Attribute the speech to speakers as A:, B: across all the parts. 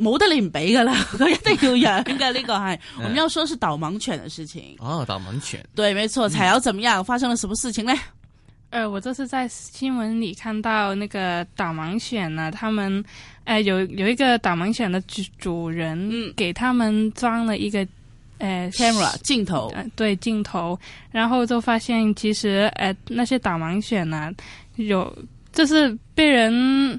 A: 冇得你唔俾噶啦，佢一定要養嘅呢個係。 我們要說，是導盲犬的事情。
B: 哦，導盲犬。
A: 對，沒錯。才有怎
C: 麼樣、嗯？發生了什麼事情呢？呃，我這次在新聞裏看到那個導盲犬呢、啊，他們誒、呃、有有一個導盲犬的主人，給他們裝了一個呃 camera、嗯、鏡頭，呃、對鏡頭，然後就發現其實呃那些導盲犬呢、啊，有就是被人。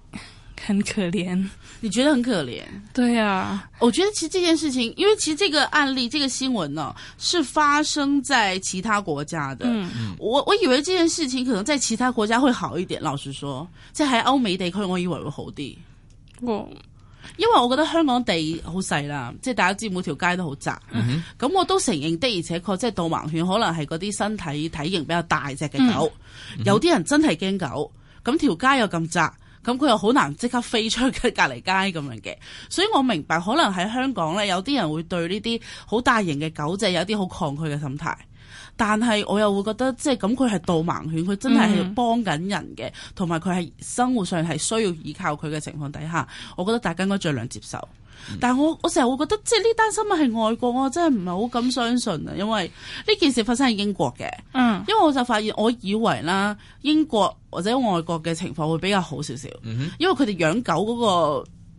C: 很可憐，你覺得很可憐？對啊，我覺得其
A: 實這件事情，因為其實這個案例，這個新聞呢、啊，是發生在其他國家的。嗯，我我以為這件事情可能在其他國家會好一點。老實說，即係喺歐美，地區我以為會好啲。因為我覺得香港地好細啦，即、就、係、是、大家知每條街都好窄。咁、嗯、我都承認的，而且確即係導盲犬可能係嗰啲身體體型比較大隻嘅狗。嗯、有啲人真係驚狗，咁、嗯、條街又咁窄。咁佢又好難即刻飛出去隔離街咁樣嘅，所以我明白可能喺香港咧有啲人會對呢啲好大型嘅狗隻有啲好抗拒嘅心態，但係我又會覺得即係咁，佢係導盲犬，佢真係係幫緊人嘅，同埋佢係生活上係需要依靠佢嘅情況底下，我覺得大家應該盡量接受。嗯、但係我我成日會覺得，即係呢單新聞係外國，我真係唔係好敢相信啊！因為呢件事發生喺英國嘅、嗯，因為我就發現，我以為啦，英國或者外國嘅情況會比較好少少、嗯，因為佢哋養狗嗰、嗰個。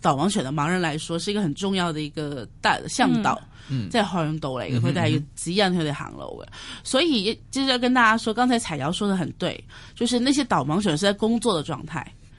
A: 導盲犬的盲人來說是一個很重要的一個大的向導，嗯。即係向導會嘅，一個係指的佢哋行了。嘅、嗯嗯嗯嗯。所以、就是要跟大家說，剛才彩瑤說的很對，就是那些導盲犬是在工作的狀態。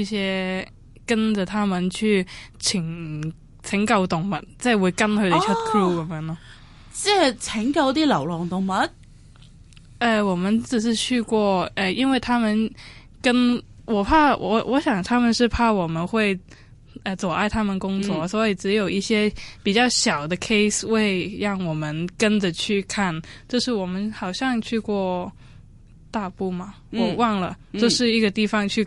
C: 一些跟着他們去請拯救動物，即係會跟佢哋出 crew 咁樣咯，即係拯救啲流浪動物。誒、呃，我們只是去過誒、呃，因為他們跟我怕我，我想他們是怕我們會誒、呃、阻礙他們工作，嗯，所以只有一些比較小的 case 會讓我們跟着去看。就是我們好像去過大埔嘛，嗯，我忘了，就是一個地方去。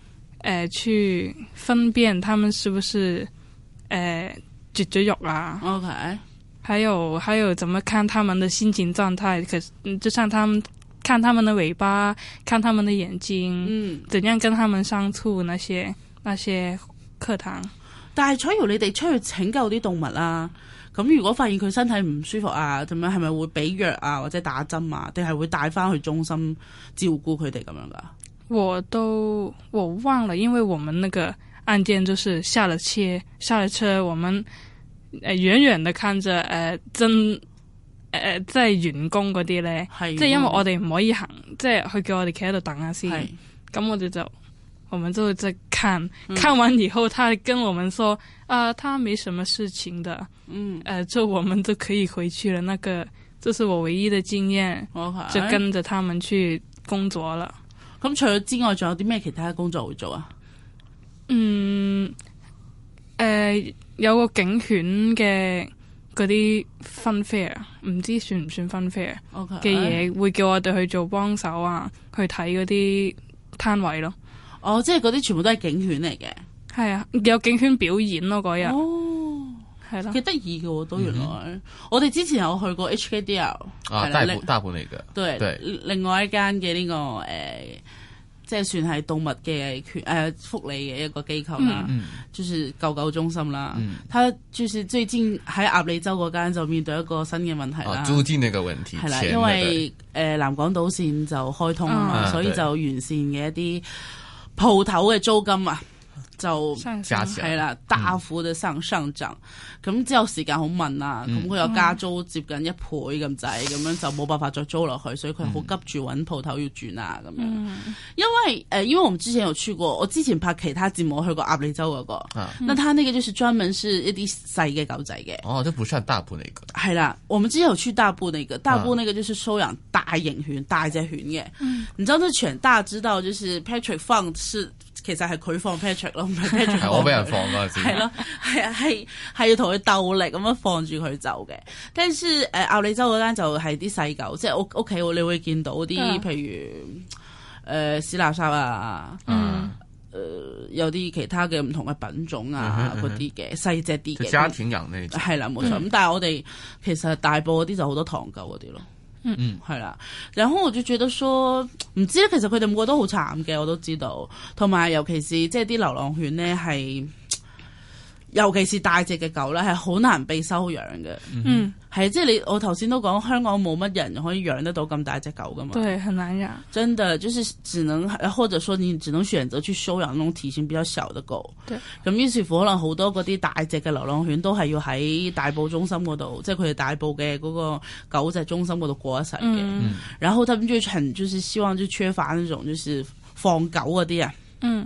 C: 誒、呃，去分辨他們是不是誒絕咗育啊？OK，還有還有，怎麼看他們的心情狀態？可就像他們看他們的尾巴，看他們的眼睛，嗯，怎樣跟他們相處那？那些那些課堂，
A: 但係彩瑤，你哋出去拯救啲動物啦、啊。咁如果發現佢身體唔舒服啊，咁樣係咪會俾藥啊，或者打針啊？定係會帶翻去中心照顧佢哋咁樣噶？
C: 我都我忘了，因為我們那個案件就是下了車下了車，我們呃遠遠的看着，呃真，呃在員工嗰啲咧，即係因為我哋唔可以行，即係佢叫我哋企喺度等下先，咁我哋就我們就再看，嗯、看完以後，他跟我們說啊、呃，他沒什麼事情的，嗯，呃，之後我們就可以回去了。那個，這，就是我唯一的經驗，Okay. 就跟着他們去工作了。咁除咗之外，仲有啲咩其他嘅工作會做啊？嗯，誒、呃、有個警犬嘅嗰啲分 i r 唔知算唔算分 r 嘅嘢，okay。會叫我哋去做幫手啊，去睇嗰啲攤位咯。哦，即係嗰啲全部都係警犬嚟嘅。係啊，有警犬表演咯嗰日。係啦，幾得意嘅喎都原
A: 來。我哋之前有去過 HKDR 啊，係大埔
B: 大埔嚟、那、嘅、個。對對，
A: 另外一間嘅呢個誒、呃，即係算係動物嘅權誒、呃、福利嘅一個機構啦、嗯，就是救救中心啦。嗯。佢就是最近喺亞利州嗰間就面對一個新嘅問題啦，啊、租
B: 金個問題。係啦，因為誒、
A: 呃、南港島綫就開通啊嘛、嗯，所以就完善嘅一啲鋪頭嘅租金啊。就係啦、嗯，大幅嘅上上漲，咁之後時間好悶啦、啊，咁佢又加租接近一倍咁滯，咁、嗯、樣就冇辦法再租落去，所以佢好急住揾鋪頭要轉啊咁樣、
C: 嗯。
A: 因為誒、呃，因為我們之前有去過，我之前拍其他節目去過鴨脷洲嗰個、啊，那他呢個就是專門是一啲細嘅狗仔嘅。哦，就不算大埔、那個。係啦，我們之前有去大埔、那個，大埔呢個就是收養大型犬、大一隻犬嘅。嗯，你知道隻犬大家知道，就是 Patrick 放是。其實係佢放 Patrick 咯， 唔係 Patrick，係我俾人放嗰陣時係咯，係係係要同佢鬥力咁樣放住佢走嘅。但係誒，亞利州嗰間就係啲細狗，即係屋屋企你會見到啲譬如誒史納沙啊，誒、嗯、呃、有啲其他嘅唔同嘅品種啊嗰啲嘅細隻啲嘅家庭養嘅，係啦冇錯。咁但係我哋其實大埔嗰啲就好多唐狗嗰啲咯。嗯，嗯，係啦，然後我就覺得說，唔知咧，其實佢哋覺得好慘嘅，我都知道，同埋尤其是即係啲流浪犬咧，係。尤其是大隻嘅狗咧，係好難被收養嘅。嗯，係即係你我頭先都講，香港冇乜人可以養得到咁大隻狗噶嘛。都係很難養，真的，就是只能或者說你只能選擇去收養嗰種體型比較小嘅狗。咁於是乎，可能好多嗰啲大隻嘅流浪犬都係要喺大埔中心嗰度，即係佢哋大埔嘅嗰個狗隻中心嗰度過一齊嘅。嗯。然後他們最恨就是希望就缺乏呢種就是放狗嗰啲啊。嗯。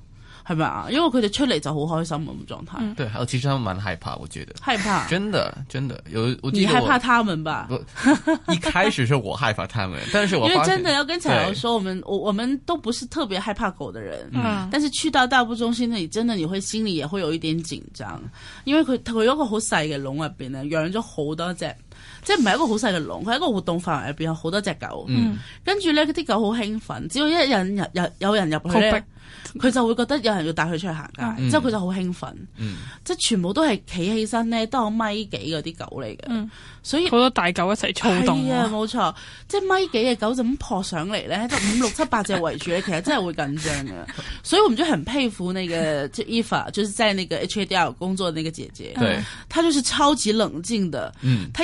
A: 係咪啊？因為佢哋出嚟就好開心啊，咁狀態。
B: 對，還有其實他們蠻害怕，我覺得害怕，真的真的有。你害怕他們吧？一開始是我害怕他們， 但是我因為真的要跟彩豪說，
A: 我們我我們都不是特別害怕狗的人。嗯，但是去到大部中心那裏，真的你會心裏也會有一點緊張，因為佢佢一個好細嘅籠啊，邊有人就好多隻。即係唔係一個好細嘅籠，佢喺一個活動範圍入邊有好多隻狗。嗯、跟住咧啲狗好興奮，只要一人有人入，有人入去佢就會覺得有人要帶佢出去行街，之後佢就好興奮，即係、嗯、全部都係企起身咧，都有米幾嗰啲狗嚟嘅、嗯，所以好多大狗一齊出動，啊，冇錯，即係米幾嘅狗就咁撲上嚟咧，五六七八隻圍住咧， 其實真係會緊張嘅。所以我唔知係唔佩服你、那、嘅、個，就 Eva 就即在那個 HR 工作那個姐姐，對、嗯，她就是超級冷靜的，嗯、她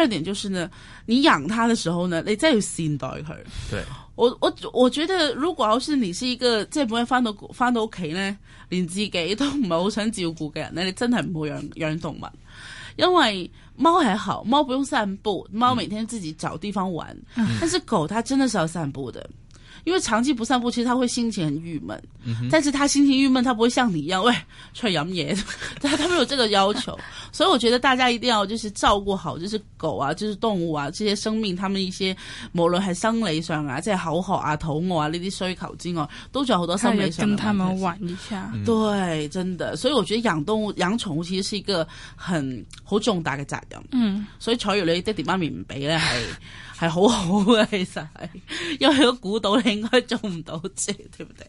A: 第二點就是呢，你養它的時候呢，你真係要善待佢。對我，我我覺得，如果要是你是一個再不會翻到翻到屋企呢，連自己都唔係好想照顧嘅人呢，你真係唔好養養動物。因為貓還好，貓不用散步，貓每天自己找地方玩，嗯。但是狗，它真的是要散步的。因為長期不散步，其實他會心情很鬱悶。嗯、但是他心情鬱悶，他不會像你一樣喂吹飲嘢，但他他沒有這個要求。 所以我覺得大家一定要就是照顧好，就是狗啊，就是動物啊，這些生命，他們一些無論係生理上啊，即係口渴啊、肚餓啊呢啲需求之外，都有好多生理上，他跟他們玩
C: 一下。
A: 對，真的。所以我覺得養動物、養寵物其實是一個很好重大嘅責任。嗯。所以假如你爹地媽咪唔俾咧，係。 係好好嘅，其實係，因為都估到你應該做唔到啫，對不對？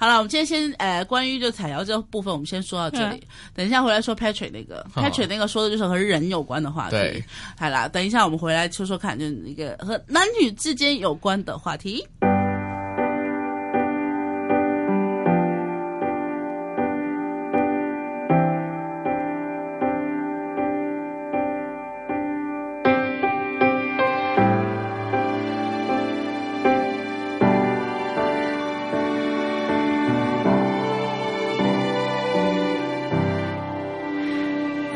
A: 好啦，我哋先先呃關於就柴油這部分，我哋先說到這裡、啊。等一下回來說 Patrick 那個、哦、，Patrick 那個說的，就是和人有關的話題對。好啦，等一下我們回來說說看，就一個和男女之間有關的話題。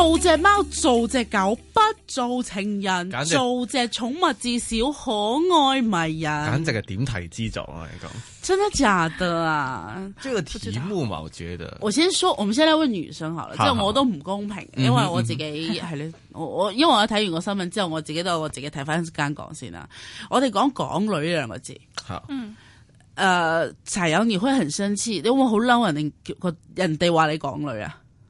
A: 做隻貓做隻狗，不做情人，簡直 做隻寵物至少可愛迷人。簡直
B: 係點題之作啊！咁，
A: 真的假得啊？這個題目嘛，我覺得我先說，我們現在問女生好了，即係 我都唔公平， 因為我自己係咧， 我我因為我睇完個新聞之後，我自己都我自己睇翻間港先啦。我哋講港女呢兩個字， 嗯，誒，柴友你會很生氣，你會唔會好嬲人哋，人哋話你港女啊？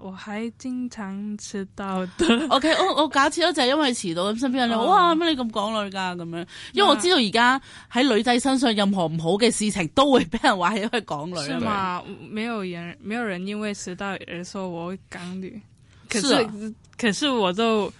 C: 我還經常遲到的
A: okay。O K，我我假設我就係因為遲到咁，身邊人話、哦、哇乜你咁港女噶、啊、咁樣，因為我知道而家喺女仔身上任何唔好嘅事情都會俾人話係因為港女。是嘛？
C: 沒有人沒有人因為遲到而說我會港女。可是，是、啊、可是我就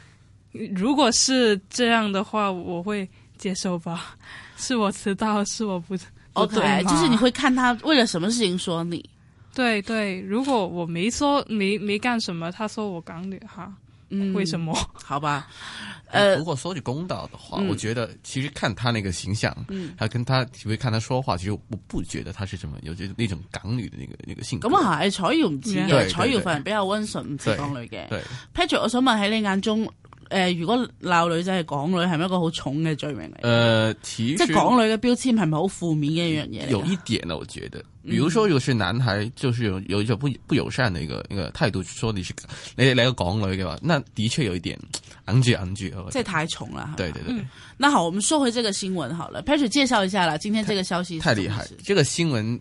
C: 如果是這樣的話，我會接受吧？是我遲到，是我不對。哦 O、okay，就是你會看他為了什麼事情說你。對對，如果我沒說沒沒幹什麼，他說我港女哈、嗯，
B: 為什麼？好吧，呃，如果說句公道的話、呃，我覺得其實看他那個形象，嗯，還跟他，就會看他說話，其實我不覺得他是什麼，有就那種港女的那個那個性格。咁、嗯、啊，係、嗯、彩瑤唔似嘅，彩瑤份人比較溫順，唔似港女嘅。
A: Patrick，我想問喺你眼中。誒、呃，如果鬧女仔係港女，係咪一個好重嘅罪名嚟？誒、呃，
B: 即係港女
A: 嘅標籤係咪好負面嘅一樣嘢？有一
B: 點啦，我覺得，比如說，如果係男孩，就是有有一種不不友善嘅一個一、嗯那個態度，說你是你你來個港女嘅話，那的確有一點硬住硬住即係太
A: 重啦。對對對，那好，我們說回這個新聞好了,、嗯、新聞好了，Patrick 介紹一下啦，今天這個消息是是太厲害，
B: 這個新聞。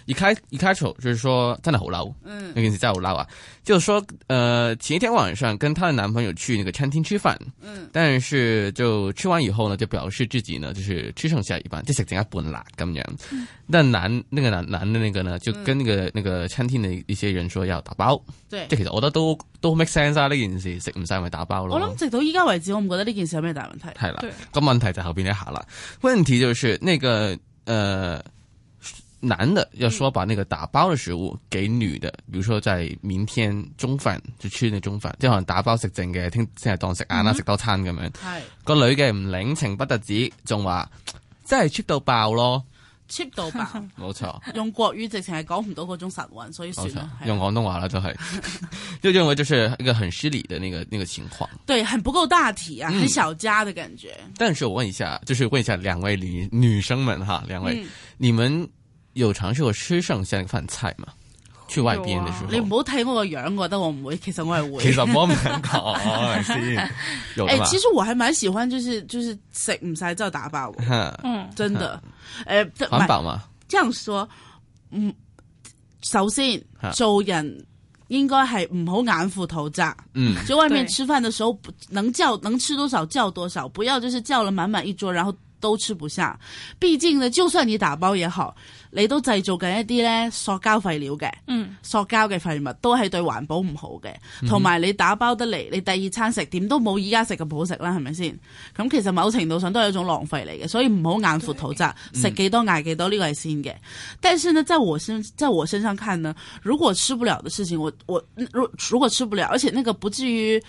B: 一開一開頭就是說真係好撈，嗯，呢件事真係好撈啊！就是說，呃，前一天晚上跟她的男朋友去那個餐廳吃飯，嗯，但是就吃完以後呢，就表示自己呢，就是吃剩下一半，即食剩一半辣咁樣。那男，那個男男的那個呢，就跟那個、嗯、那個餐廳的一些人說要打包，對，即其實我覺得都都 make sense 啊，呢件事食唔晒咪打包咯。我諗直
A: 到依家為止，我唔覺得呢件事有咩大問題。係啦，
B: 個問題就後邊一下啦。問題就是那個呃男的要說把那個打包的食物給女的，嗯、比如說在明天中飯就吃那中飯，即係可能打包食剩嘅，聽即係當食晏啦，食、嗯、多餐咁樣。係、嗯、個女嘅唔領情，不得止，仲話真係 cheap 到爆咯
A: ，cheap 到爆，冇 沒錯。 用國語直情係講唔到嗰種實韻，所以算啦。 用
B: 廣東話啦就係、是， 就認為就是一個很失禮的那個那個情況。
A: 對，很不夠大體啊、嗯，很小家的感覺。
B: 但是我問一下，就是問一下兩位女女生們哈，兩位、嗯、你們。有嘗試過吃剩下飯菜嗎？去外邊的時候，你
A: 唔好睇我個樣，我覺得我唔會。其實我係會，其實我唔想講係先。誒，其實我還蠻喜歡、就是，就是就是食唔晒再打包我。嗯，真的。誒、嗯欸，環保嘛這樣說，嗯，首先做人應該係唔好眼闊肚窄嗯，就外面吃飯的時候，能叫能吃多少叫多少,叫多少，不要就是叫了滿滿一桌，然後都吃不下。畢竟呢，就算你打包也好。你都製造緊一啲咧塑膠廢料嘅、嗯，塑膠嘅廢物都係對環保唔好嘅，同、嗯、埋你打包得嚟，你第二餐食點都冇依家食咁好食啦，係咪先？咁其實某程度上都係一種浪費嚟嘅，所以唔好眼闊肚窄，食幾多捱幾、嗯、多呢個係先嘅。但係呢得真係我身在我身上看呢，如果吃不了嘅事情，我我如果吃不了，而且呢個不至於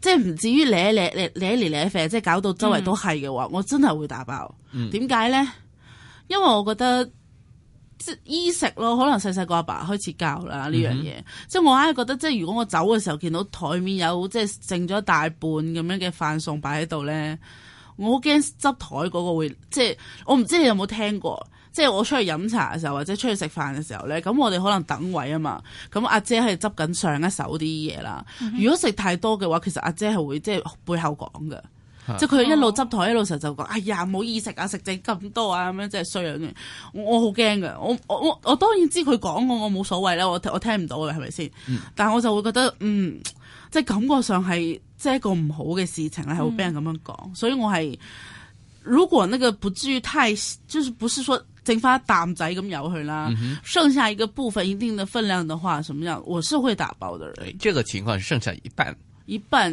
A: 即係唔至於嚟嚟嚟你嚟嚟即係搞到周圍都係嘅話，我真係會打包。點解咧？因為我覺得。即衣食咯，可能細細個阿爸開始教啦呢樣嘢。即、嗯、我硬係覺得，即如果我走嘅時候見到台面有即剩咗大半咁樣嘅飯餸擺喺度咧，我好驚執台嗰個會即我唔知你有冇聽過？即我出去飲茶嘅時候或者出去食飯嘅時候咧，咁我哋可能等位啊嘛，咁阿姐係執緊上一手啲嘢啦。如果食太多嘅話，其實阿姐係會即背後講嘅。啊、即係佢一路執台一路時候就講、哦，哎呀冇意食啊，食剩咁多啊，咁樣真係衰人嘅。我好驚嘅，我我我我當然知佢講我我冇所謂啦，我我，我聽唔到嘅係咪先？但係我就會覺得，嗯，即係感覺上係即係一個唔好嘅事情咧，係會俾人咁樣講、嗯。所以我係如果那個不至於太，就是不是說剩返一啖仔咁由佢啦、嗯，剩下一個部分一定的分量的話，什麼樣？我是會打
B: 包嘅人。這個情況剩下一半，
A: 一半。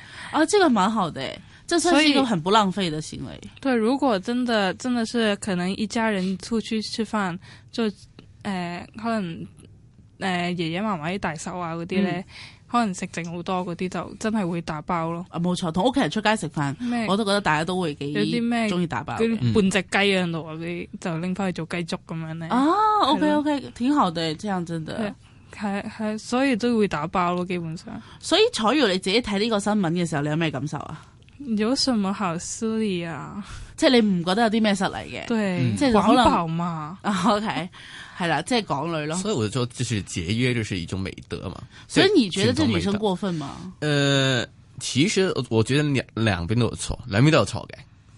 A: 啊，這個蠻好的，誒，這算是一個很不浪費的行為。
C: 對，如果真的，真的是可能一家人出去吃飯，就誒、呃，可能誒爺爺嫲嫲啲大壽啊嗰啲咧，可能食剩好多嗰啲，就真係會打包咯。啊，冇錯，同屋企人出街食飯，我都覺得大家都會幾有啲咩中意打包。嗰啲半隻雞喺度嗰啲，就拎翻去做雞粥咁樣咧。啊，OK OK，挺好的這樣真的。係係，所以都會打包咯，基本上。所以彩玉你自己睇呢個新聞
A: 嘅時候，你有咩感受啊？
C: 有什麼瑕疵啊？ 即係你唔覺得有啲咩失禮嘅？對，
A: 嗯、即係港樓嘛。OK，係啦，即係港女咯。所以我就
B: 說就是節約，就是一種美德嘛。所以你覺得這女生過分嗎？誒、呃，其實我覺得兩兩邊都有錯，兩邊都有錯嘅。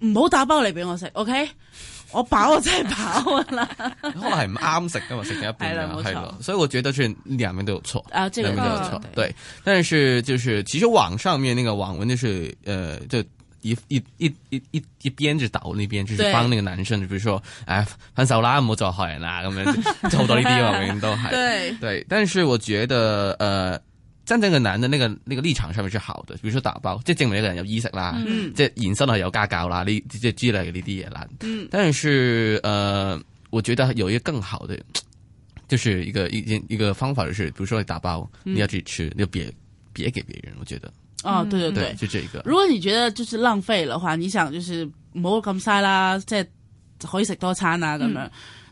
A: 唔好打包嚟俾我食，OK？我飽啊，真係飽啊啦！
B: 可能係唔啱食噶嘛，食緊一半嘅，係咯。所以我覺得是兩面都有錯，啊，這個、啊、對，對，但是就是其實網上面那個網文就是，誒、呃，就一一一一一一邊就倒那邊就是幫那個男生，就比如說，哎，分手啦，唔好做壞人啦咁樣 做到呢啲永遠都係，對，對。但是我覺得，誒、呃。在那個男的那個那個立場上面是好的，比如說打包，這係證明一個人有意識啦，即係延伸到有家教啦，呢即係之類嘅呢啲嘢啦。但是，呃我覺得有一個更好的就是一個一一個方法就是，比如說你打包，嗯，你要自己吃，就別別給別人。我覺得，哦，對對對，對就這一個。如
A: 果你覺得就是浪費的話，你想就是冇咁嘥啦，即、就、係、是、可以食多餐啊咁樣。嗯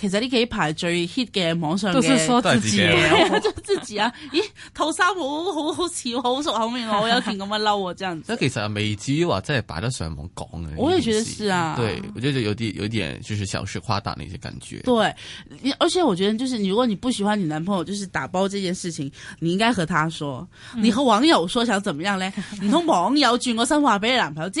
A: 其實呢幾排最 hit 嘅網上的就是出咗都係自己，自己的 啊，就自己啊！咦，套衫好好好似好熟口面，要我有件咁樣嬲，這樣子。 其
B: 實未至於話真係擺得上網講嘅。我也覺得
A: 是啊。對，
B: 我覺得就有啲有點，就是小事誇大那些感覺，啊。
A: 對，而且我覺得就是，如果你不喜歡你男朋友，就是打包這件事情，你應該和他說。你和網友說想怎麼樣呢？ 你同網友轉個身話俾你男朋友知。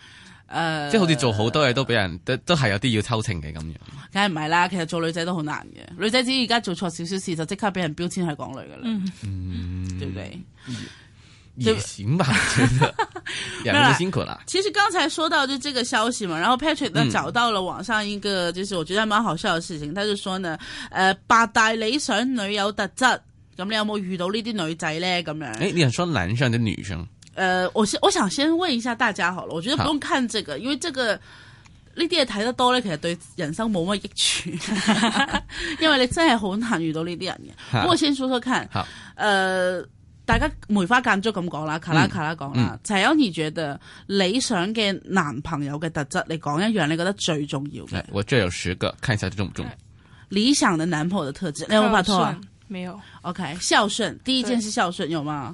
A: 誒、呃，即係好似做
B: 好多嘢都俾人，呃、都都係有啲要抽情嘅咁樣。
A: 梗係唔係啦，其實做女仔都好難嘅。女仔只要而家做錯少少事，就即刻俾人標籤係港女㗎啦。嗯，
D: 對
A: 唔
B: 對？嗯、也行吧，真的，兩個辛苦啦。其
A: 實剛才說到就這個消息嘛，然後 Patrick 呢，找到了網上一個，就是我覺得蠻好笑嘅事情、嗯。他就說呢，誒、呃，八大理想女友特質，咁你有冇遇到呢啲女仔咧？咁樣？誒、欸，你
B: 想說男生定女生？
A: 呃，我我想先問一下大家好了，我覺得不用看這個，因為這個呢啲嘢睇得多咧，其實對人生冇乜益處， 因為你真係好難遇到呢啲人嘅。不過先說說看，呃，大家梅花間竹咁講啦，卡拉卡拉講啦。陳、嗯、安你覺得理想嘅男朋友嘅特質，你講一樣、嗯，你覺得最重要
B: 嘅？我這有十個，看一下重唔重。
A: 理想的男朋友的特質，你有冇拍拖啊？沒有。OK，孝順，第一件事孝順，有嗎？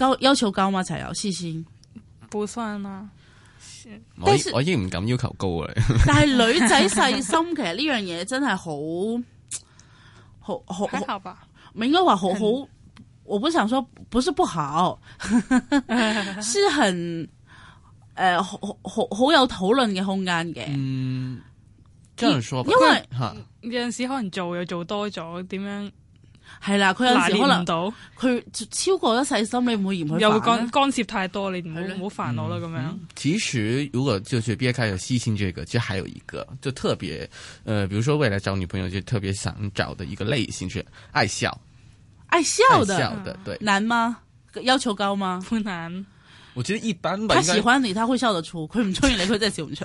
A: 高要求高嘛，齊油事先不算啦。我
B: 已經唔敢要求高啦。但係
A: 女仔細心， 其實呢樣嘢真係好好好，好好好吧。唔應該話好好，好嗯、我本想說，不是不好，嗯、
C: 是很誒、呃、好好好有討論嘅空間嘅。嗯，
A: 真係因為
C: 有陣時候可能做又做多咗，點樣？係 啦，佢有時可能佢
A: 超過得細心，你唔會嫌佢又干
C: 干涉太多，你唔好唔好煩惱啦咁樣，嗯嗯。
B: 其實如果就算別開有細心這個，其實還有一個就特別，呃，比如說未來找女朋友就特別想找的一個類型，就是愛笑，愛笑的，
A: 愛笑的，愛笑的對，難嗎？要求高嗎？不難，
B: 我覺得一般吧。他喜歡
A: 你，他會笑得出，佢唔中意你，佢真係笑唔出。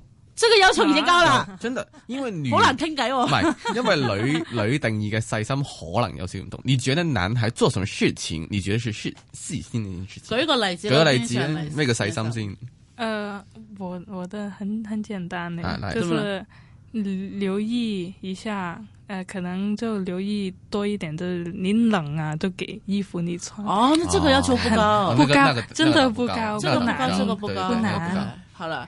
A: 這個要求已經高了、啊、
B: 真的，因為女好難
A: 傾偈。唔係，因為女
B: 女定義嘅細心可能有些唔同。 你覺得男孩做什麼事情，你覺得是細細心件事情？舉個例子，舉個例子，咩嘅細心先？
C: 誒、呃，我我的很很簡單嘅、啊，就是留意一下，誒、呃，可能就留意多一點，就是、你冷啊，就給衣服你穿。哦、啊，那這個要求不高， 不，高那個
A: 那個那個、不高，真的，不高，真的不，高不，這個、不高，這個不高，這個不高，這個不，高那個、不，高不難。好了。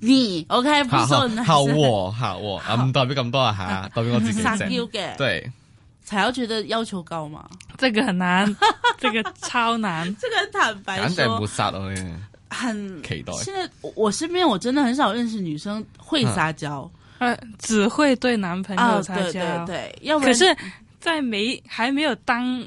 A: 你 OK 唔信，好我，
B: 好我，啊，唔代表咁多啊，係代表我自己嘅，對，
A: 才要覺得要求高嘛，這個很難，這個
C: 超難，這個
B: 很坦白，很期待。現
A: 在我身邊我真的很少認識女生會撒
C: 嬌，誒，只會對男朋友撒嬌，對，要可是，在沒還沒有當。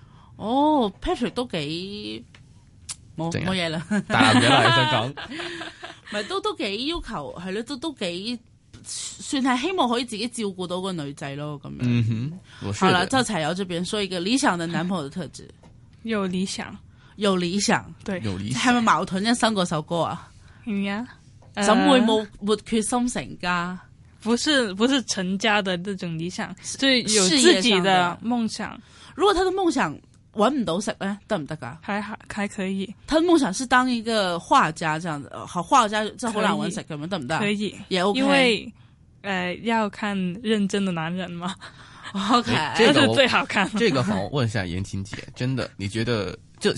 A: 哦，Patrick 都幾冇冇嘢啦，大男嘅啦，再 講，咪都都幾要求係咯，都都幾算係希望可以自己照顧到個女仔咯咁樣。嗯哼，了好啦，趙彩瑤這邊說一個理想的男朋友嘅特質，啊，有理想，有理想，對，有理想，係咪矛盾一生嗰首歌啊？係啊，怎會冇
C: 沒，沒決心成家？不是不是成家的這種理想，所以有自己的夢想的。
A: 如果他的夢想。搵唔到食咧得唔、欸、得噶？還還可以。他的夢想是當一個畫家，這樣子，
C: 好、呃、畫家即係好難搵食咁樣，得唔得？可以，也 O、OK、K。因為誒、呃，要看認真的男人嘛。欸、OK，
A: 這個是最
B: 好看。這個好問一下言情姐，真的你覺得就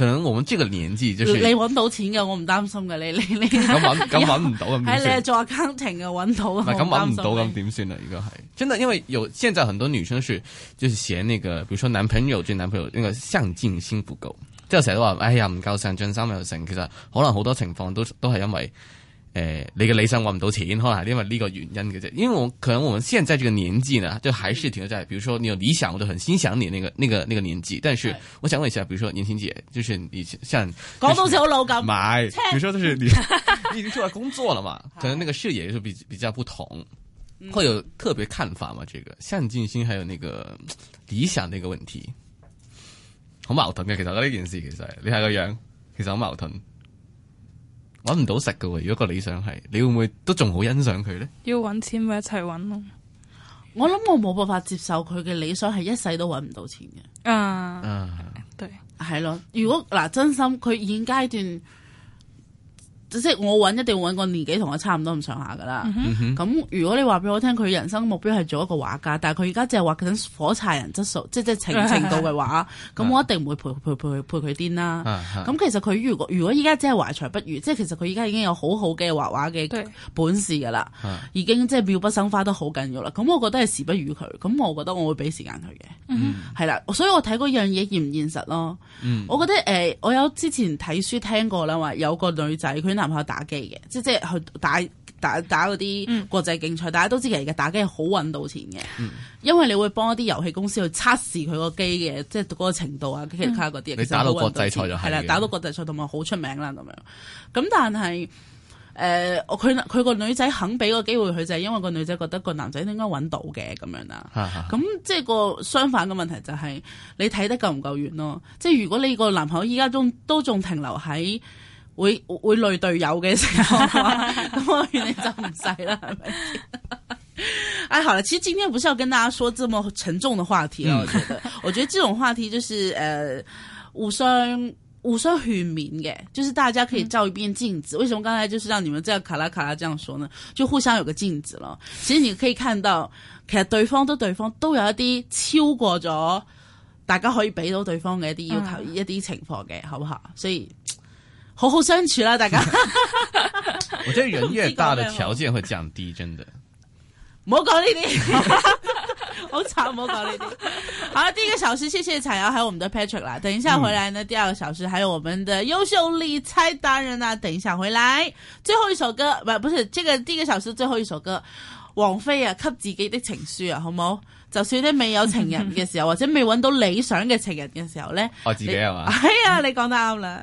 B: 可能我們這個年紀就是，是你
A: 揾到錢嘅，我唔擔心嘅，你你你，咁揾咁揾唔到咁，喺 你係做下家庭嘅揾到，唔係咁揾唔到咁
B: 點算啊？如果係真的，因為有現在很多女生是就是寫那個比如說男朋友對、就是、男朋友那個上進心不夠，即係成日都話，哎呀唔夠上進，三日又成。其實可能好多情況都都係因為誒、你、這、嘅、個、理想揾唔到錢，可能係因為呢個原因嘅啫。因為我可能我們現在這個年紀呢，就還是停留在，比如說你有理想，我就很欣賞你那個、那個、那個年紀。但是我想問一下，比如說年輕姐，就是你像講東西好老咁，唔係，比如說就是你，你已經出來工作了嘛？ 可能那個視野是比比較不同，會有特別看法嘛？這個上進心還有那個理想呢個問題，好、嗯、矛盾嘅。其實呢件事，其實你睇個樣，其實好矛盾。搵唔到食㗎，如果個理想係，你會唔會都仲好欣賞佢咧？
C: 要搵錢咪一齊搵咯。
A: 我諗我冇辦法接受佢嘅理想係一世都搵唔到錢嘅。嗯、uh, 嗯、
C: uh.，對，
A: 係咯。如果嗱，真心佢現階段。即、就、係、是、我揾一定揾個年紀同我差唔多咁上下噶啦。咁、嗯、如果你話俾我聽，佢人生目標係做一個畫家，但佢而家只係畫緊火柴人質素，即係即係程程度嘅話咁、嗯、我一定唔會陪陪陪陪佢癲啦。咁、嗯嗯、其實佢如果如果而家只係懷才不遇，即、就、係、是、其實佢而家已經有好好嘅畫畫嘅本事噶啦，已經即係妙筆生花得好緊要啦。咁我覺得係時不如佢，咁我覺得我會俾時間佢嘅。係、嗯、啦，所以我睇嗰樣嘢現唔現實咯、嗯。我覺得、呃、我有之前睇書聽過啦，話有個女仔男朋友打機嘅，即係即係去打打打嗰啲國際競賽，大家都知其實而家打機係好搵到錢嘅、嗯，因為你會幫一啲遊戲公司去測試佢個機嘅，即係嗰個程度啊、嗯，其他嗰啲。你打到國際賽就係啦，打到國際賽同埋好出名啦咁樣。咁但係誒，佢、呃、佢個女仔肯俾個機會佢就係、是、因為個女仔覺得個男仔應該搵到嘅咁樣啦。咁 即係個相反嘅問題就係、是、你睇得夠唔夠遠咯？即係如果你個男朋友依家都都仲停留喺。會會累隊友嘅時候的，咁我與你就唔使啦，係咪？哎，好了，其實今天不是要跟大家說這麼沉重的話題、嗯、我覺得， 我覺得這種話題就是，誒、呃，互相互相勸勉嘅，就是大家可以照一遍鏡子。嗯、為什麼剛才就是讓你們這樣卡拉卡拉這樣說呢？就互相有個鏡子咯。其實你可以看到，其實對方都對方都有一啲超過咗，大家可以俾到對方嘅一啲要求，嗯、一啲情況嘅，好不好？所以。好好相處啦、啊，大家。
B: 我覺得人越大的條件會降低，真的。
A: 唔 好講呢啲，好，慘，唔好講呢啲。好啦，第一個小時，謝謝柴瑤，還有我們的 Patrick 啦、嗯。等一下回來呢，第二個小時，還有我們的優秀理財達人啊。等一下回來最後一首歌，唔係，不是這個第一個小時最後一首歌，王菲啊，給自己的情書啊，好唔好？就算你未有情人嘅時候， 或者未揾到理想嘅情人嘅時候咧，
E: 我、 啊、自己係嘛？係
A: 啊、哎，你講得啱啦。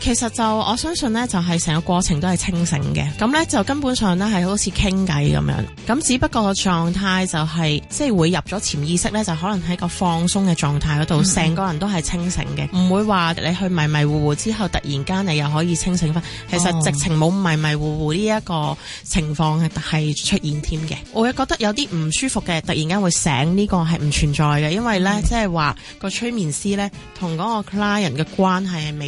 A: 其實就我相信咧，就係、是、成個過程都係清醒嘅。咁咧就根本上咧係好似傾偈咁樣。咁、嗯、只不過狀態就係即係會入咗潛意識咧，就可能喺個放鬆嘅狀態嗰度，成、嗯、個人都係清醒嘅，唔、嗯、會話你去迷迷糊糊之後突然間你又可以清醒翻。其實直情冇迷迷糊糊呢一個情況係出現添嘅、嗯。我又覺得有啲唔舒服嘅，突然間會醒呢、這個係唔存在嘅，因為咧即係話個催眠師咧同嗰個 client 嘅關係係未。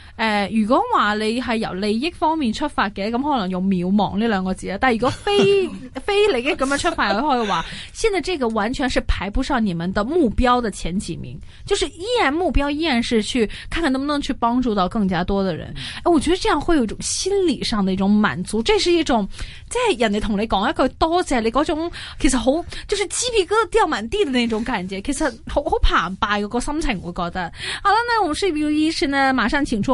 F: 誒、呃，如果話你係由利益方面出發嘅，咁、嗯、可能用渺茫呢兩個字啊，但係如果非 非利益咁樣出發，又可以話，現在這個完全是排不上你們的目標的前幾名，就是依然目標依然是去看看能不能去幫助到更加多的人。誒、呃，我覺得這樣會有一種心理上的一種滿足，這是一種即係人哋同你講一句多謝你那種，其實好就是雞皮疙瘩掉滿地的那種感覺，其實好好澎湃個個心情，我覺得。好啦，呢，我們稅務醫師呢，馬上請出。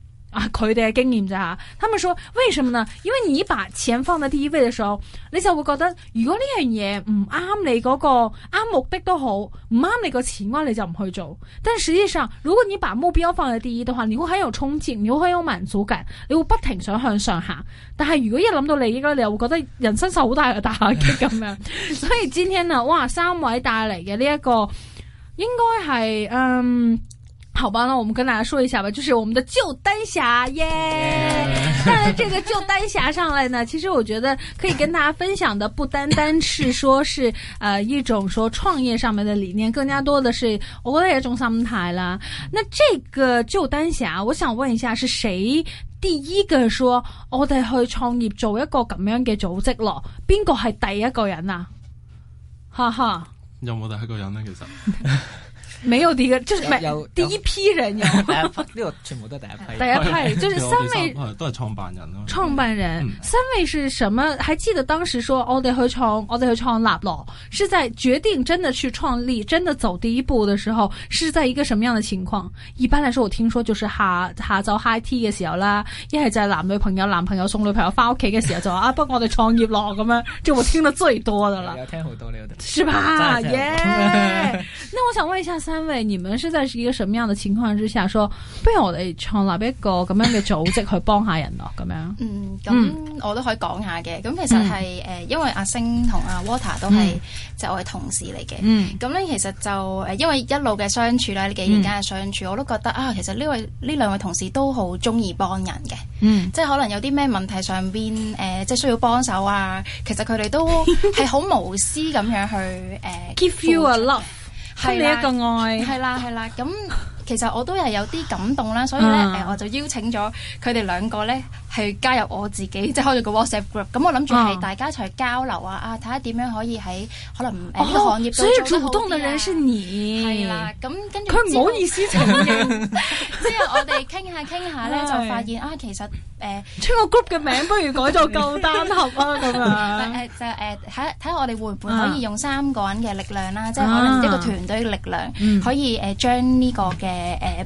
F: 啊！佢哋嘅經驗咋？他們說，為什麼呢？因為你把錢放在第一位的時候，你就會覺得，如果呢樣嘢唔啱你嗰、那個啱目的都好唔啱你個錢的話，我你就唔去做。但實際上，如果你把目標放在第一的話，你會很有衝勁，你會喺有滿足感，你會不停想向上行。但係如果一諗到利益咧，你又會覺得人生受好大嘅打擊咁樣。 所以今天啊，哇！三位帶嚟嘅呢一個，應該係嗯。好吧，那我們跟大家說一下吧，就是我們的舊丹霞耶。Yeah! Yeah! 那這個舊丹霞上來呢，其實我覺得可以跟大家分享的不單單是說 是，說是呃一種說創業上面的理念，更加多的是我覺得也是種心態啦，那這個舊丹霞，我想問一下，是誰第一個說我哋去創業做一個咁樣嘅組織咯？邊個係第一個人啊？哈哈，
G: 有冇第一個人呢？其實。
F: 沒有第一個，就是沒有,有第一批人有。
G: 有。呢個 全部都第一批。第一批就是三位， 都係創辦人
F: 咯。創辦人、嗯，三位是什麼？還記得當時說 我哋去創，我哋去創立咯，是在決定真的去創立、真的走第一步的時候，是在一個什麼樣的情況？一般來說，我聽說就是下下晝 high tea 嘅時候啦，一係就係男女朋友，男朋友送女朋友翻屋企嘅時候，就 話啊不過我哋創業咯，咁樣，就我聽得最多的啦。聽好多呢個。是吧？耶 Yeah！ 那我想問一下。因為你們是在是一個什麼樣的情況之下，說不如我哋創立一個咁樣嘅組織去幫下人咯，咁樣。
H: 嗯，咁、嗯嗯、我都可以講下嘅。咁其實係誒、嗯呃，因為阿星同阿 Water 都係即係我嘅同事嚟嘅。嗯，咁咧、嗯嗯、其實就誒、呃，因為一路嘅相處啦，呢幾年間嘅相處、嗯，我都覺得啊，其實呢位呢兩位同事都好中意幫人嘅。嗯，即係可能有啲咩問題上邊誒、呃，即係需要幫手啊，其實佢哋都係好無私咁樣去誒，give、 呃、you a love。
G: 係啦，係
H: 啦，係啦，咁。其實我都係有啲感動啦，所以咧誒、嗯呃，我就邀請咗佢哋兩個咧，去加入我自己即係、就是、開咗個 WhatsApp group。咁我諗住係大家一齊交流啊，啊睇下點樣可以喺可能誒、哦呃、行業都多啲嘅。哦、所以主動嘅人是你係啦。咁、嗯、跟住佢唔好意思即係。 我哋傾下傾下咧， 就發現啊，其實誒，
F: 將個 group 嘅名不如改做夠單合啊咁
H: 樣。誒就睇睇下我哋會唔會可以用三個人嘅力量啦、啊啊，即係可能一個團隊嘅力量、嗯、可以誒、呃、將呢、這個嘅，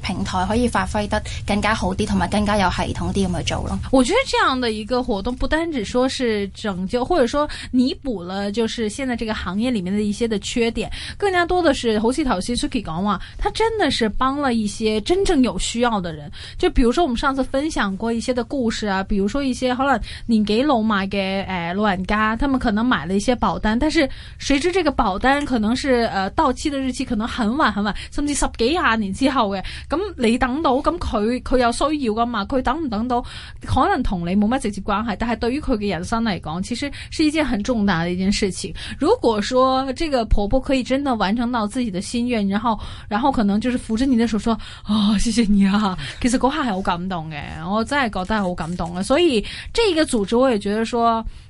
H: 平台可以發揮得更加好啲，同埋更加有系統啲咁去做咯。我覺得這樣的一個活動，不單止
F: 說是拯救，或者說彌補了，就是現在這個行業裏面的一些的缺點，更加多的是，好似頭先，Suki 講話，他真的是幫了一些真正有需要的人。就比如說，我們上次分享過一些的故事啊，比如說一些，可能年紀老邁嘅，呃，老人家，他們可能買了一些保單，但是誰知這個保單可能是，呃到期的日期可能很晚很晚甚至十幾廿年啊，你知。後嘅，咁你等到，咁佢佢有需要噶嘛？佢等唔等到，可能同你冇乜直接關係，但係對於佢嘅人生嚟講，其實是一件很重大嘅一件事情。如果說這個婆婆可以真的完成到自己的心願，然後然後可能就是扶着你嘅手，說，啊，哦，謝謝你啊，其實嗰下係好感動嘅，我真係覺得係好感動啊。所以這個組織，我也覺得說。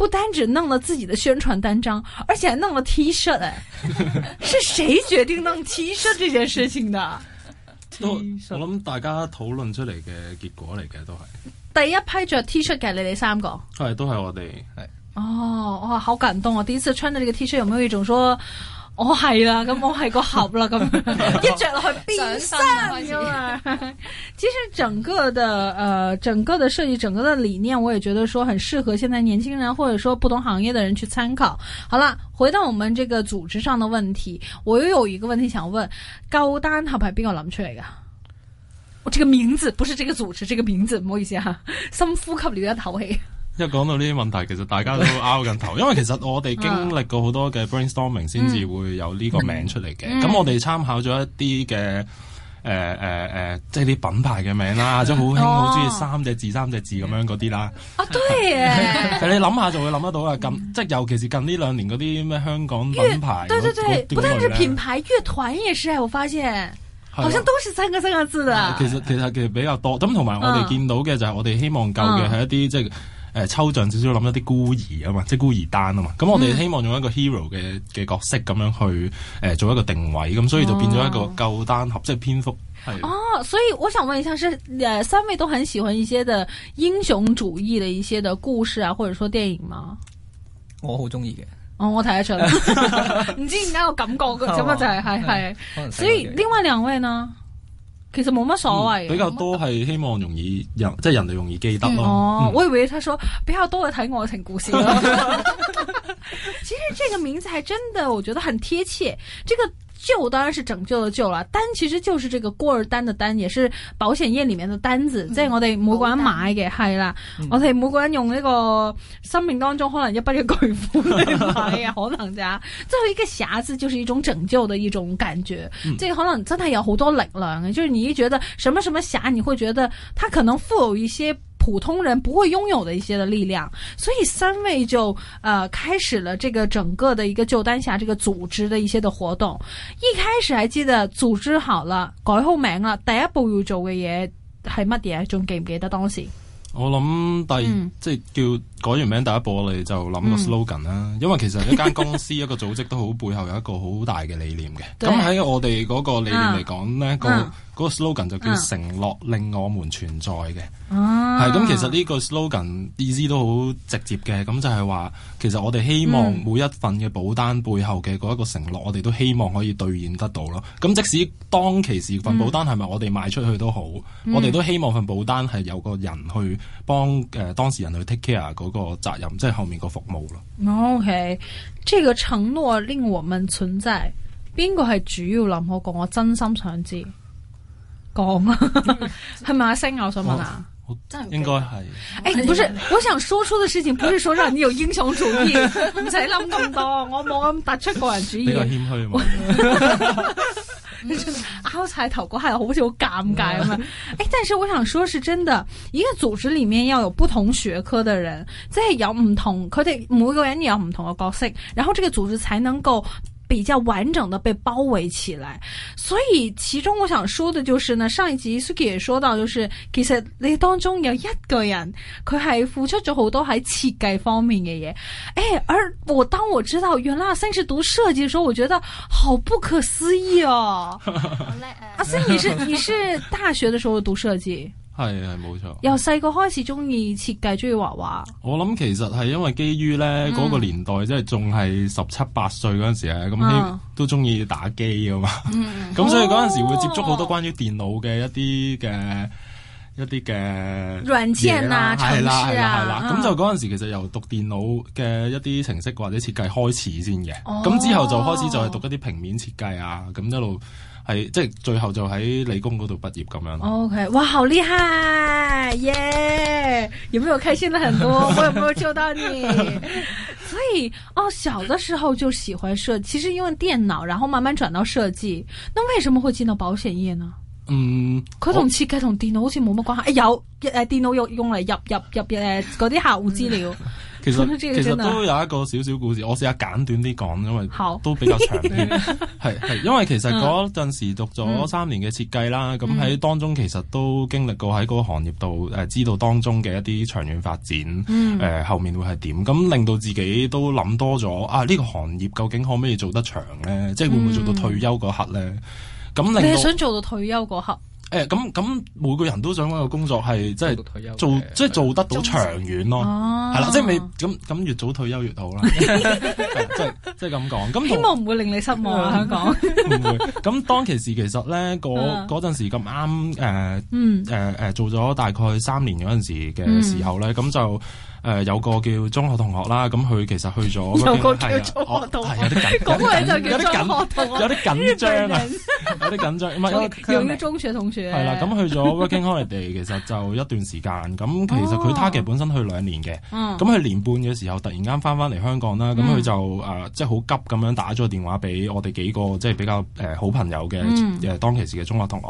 F: 不單只弄了自己的宣傳單張，而且還弄了 T 恤， 是誰決定弄 T 恤這件事情的
G: ？T 恤 我諗大家討論出嚟嘅結果嚟嘅都係
F: 第一批着 T 恤嘅，你哋三
G: 個係 都係我哋係、 哦。
F: 哦，哇，好感動啊、哦！第一次穿着這個 T 恤，有沒有一種說？我係啦，咁我係個盒啦，咁一着落去變身噶啊。其實整個的呃，整個的設計，整個的理念，我也覺得說很適合現在年輕人，或者說不同行業的人去參考。好啦，回到我們這個組織上的問題，我又有一個問題想問，高丹係咪邊個諗出嚟噶？我這個名字，不是這個組織，這個名字，唔好意思，some 夫裏邊較頭位。
G: 一講到呢啲問題，其實大家都拗緊頭， 因為其實我哋經歷過好多嘅 brainstorming 先至會有呢個名出嚟嘅。咁、嗯嗯、我哋參考咗一啲嘅誒誒誒，即係啲品牌嘅名啦，即係好興好鍾意三隻字、三隻字咁樣嗰啲啦。
F: 啊，對，
G: 你諗下就會諗得到啊！咁即係尤其是近呢兩年嗰啲咩香港品牌，對對對，不單止品
F: 牌樂團也是，我發現好像都是三個三個字啊、嗯。
G: 其實其實其實比較多咁，同埋我哋見到嘅就係我哋希望夠嘅係一啲即係。嗯誒抽象少少諗一啲孤兒啊嘛，即係孤兒單啊嘛，咁我哋希望用一個 hero 嘅嘅角色咁樣去誒做一個定位，咁所以就變咗一個舊單盒，即係蝙蝠。係哦，
F: 所以我想問一下，是誒三位都很喜歡一些的英雄主義的一些的故事啊，或者說電影嗎？
G: 我好中意嘅，
F: 哦，我睇得出嚟，唔 知點解我感覺咁就係係係，所以另外兩位呢？其實冇乜所謂，嗯，比
G: 較多係希望容易即係人哋，就是，容易記得咯。嗯哦
F: 嗯，我以為他說比較多係睇愛情故事咯。 其實這個名字還真的，我覺得很貼切。這個。救當然是拯救的救啦。單其實就是這個孤兒單的單，也是保險業裏面的單子，即係、嗯、我哋每個人買嘅係啦，我哋每個人用呢、那個生命當中可能一筆嘅巨富買啊，可能咋？最後一個匣子就是一種拯救的一種感覺，即係可能真係有好多力量、嗯，就是你一覺得什麼什麼匣，你會覺得它可能富有一些。普通人不會擁有的一些的力量，所以三位就，呃，開始了這個整個的一個救丹霞這個組織的一些的活動。一開始還記得組織好了，改好名啦，第一步要做嘅嘢係乜嘢？仲記唔記得當時？
G: 我諗第、嗯、即係叫。改完名第一步，我哋就諗個 slogan 啦、嗯。因為其實一間公司 一個組織都好，背後有一個好大嘅理念嘅。咁喺我哋嗰個理念嚟講咧，個、啊嗰個 slogan 就叫、啊、承諾令我們存在嘅。
D: 係、啊、咁，其實
G: 呢個 slogan 意思都好直接嘅。咁就係話，其實我哋希望每一份嘅保單背後嘅嗰一個承諾、嗯，我哋都希望可以兌現得到咯。咁即使當其時份保單係咪我哋賣出去都好，嗯、我哋都希望份保單係有個人去幫誒、呃、當事人去 take care 嗰、嗰。個那個責任即係、就是、後面個服務啦。
F: o k a 這個承諾令我們存在，邊個係主要諗我我，我真心想知講，係咪 阿星啊？我想問啊。Oh.
G: 應該係，
F: 誒、OK 欸，不是，我想說出的事情，不是說讓你有英雄主義，唔使諗咁多，我冇咁突出個人主義，你比較謙虛嘛。剛才討論下有好多尷尬嘛，誒、欸，但是我想說，是真的，一個組織裏面要有不同學科的人，即係有唔同，佢哋每個人有唔同嘅角色，然後這個組織才能夠。比較完整的被包圍起來，所以其中我想說的就是呢，上一集蘇 k e 也說到，就是其實你當中有一個人，佢係付出咗好多喺設計方面嘅嘢，哎、欸，而我當我知道原來阿星是讀設計的時候，我覺得好不可思議哦。好 嘞、啊，阿星，你是你是大學的時候讀設計？
G: 係係冇錯，
F: 由細個開始中意設計，中意畫畫。
G: 我諗其實係因為基於咧嗰個年代，嗯、即係仲係十七八歲嗰陣時咧，咁、嗯、都中意打機噶嘛。咁、嗯、 所以嗰陣時會接觸好多關於電腦嘅一啲嘅、嗯、一啲嘅軟件啊，係啦係啦係啦。咁、啊嗯、就嗰陣時其實由讀電腦嘅一啲程式或者設計開始先嘅，咁、哦、之後就開始就係讀一啲平面設計啊，咁一路。係即係最後就喺理工嗰度畢業咁樣。
F: OK，哇好厲害，耶、yeah!！有沒有開心了很多？ 我有冇救到你？ 所以哦，小的時候就喜歡設，其實因為電腦，然後慢慢轉到設計。那為什麼會進到保險業呢？嗯，
D: 佢同設
F: 計同電腦好似冇乜關係、欸。有誒，電腦用用嚟入入入誒嗰啲客戶資料。嗯其實其實都有一
G: 個少少故事，我試下簡短啲講，因為都比較長啲，係係， 因為其實嗰陣時讀咗三年嘅設計啦，咁、嗯、喺當中其實都經歷過喺嗰個行業度，誒、呃，知道當中嘅一啲長遠發展，誒、嗯呃，後面會係點，咁令到自己都諗多咗啊！呢、呢個行業究竟可唔可以做得長咧？即、就、係、是、會唔會做到退休嗰刻咧？咁、嗯、令到你想
F: 做到退休嗰刻。
G: 誒咁咁每個人都想揾個工作係即係做即係做,做,、即係、做得到長遠咯，係啦，即係你咁咁越早退休越好啦，即係即係咁講。希望唔
F: 會令你失望啊、嗯，香港。唔會
G: 咁當其時其實咧，嗰嗰陣時咁啱誒誒誒做咗大概三年嗰陣時嘅時候咧，咁、嗯、就。誒、呃、有個叫中學同學啦，咁佢其實去咗有個叫中學同
F: 學有啲緊張，有啲緊張，有
G: 啲緊張啊，有啲緊張。唔係有啲
F: 中學同學係啦，咁去咗 Working
G: Holiday 其實就一段時間。咁 其實佢他其實本身去兩年嘅，咁、哦、佢年半嘅時候突然間翻翻嚟香港啦。咁、嗯、佢就誒即係好急咁樣打咗電話俾我哋幾個即係、就是、比較、呃、好朋友嘅、嗯、當當其時嘅中學同學。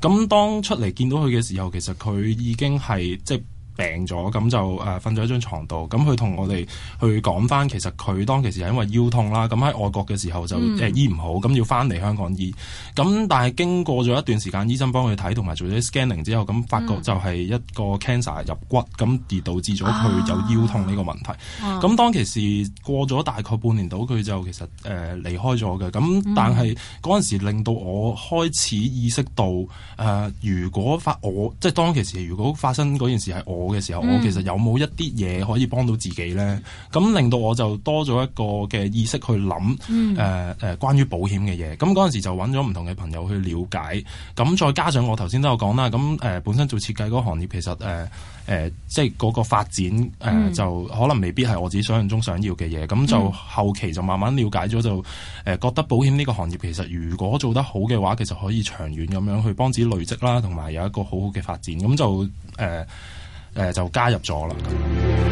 G: 咁當出嚟見到佢嘅時候，其實佢已經係即係。就是病咗，咁就誒瞓咗一張床度，咁佢同我哋去講翻，其實佢當其時係因為腰痛啦，咁喺外國嘅時候就誒、嗯呃、醫唔好，咁要翻嚟香港醫。咁但係經過咗一段時間，醫生幫佢睇同埋做咗啲 scanning 之後，咁發覺就係一個 cancer 入骨，咁、嗯、而導致咗佢有腰痛呢個問題。咁、啊啊、當其時過咗大概半年到，佢就其實誒、呃、離開咗嘅。咁但係嗰陣時令到我開始意識到誒、呃，如果發我即係、就是、當其時如果發生嗰件事係我嘅時候，我其實有冇一啲嘢，可以幫到自己呢？咁令到我就多咗一個嘅意識去諗誒誒，關於保險嘅嘢。咁嗰陣時就揾咗唔同嘅朋友去了解。咁再加上我頭先都有講啦，咁誒、呃、本身做設計嗰行業其實誒誒、呃呃，即係嗰個發展誒、呃嗯，就可能未必係我自己想象中想要嘅嘢。咁就後期就慢慢了解咗，就誒、呃、覺得保險呢個行業其實如果做得好嘅話，其實可以長遠咁樣去幫自己累積啦，同埋有一個好好嘅發展。咁就誒。呃誒、呃、就加入咗啦。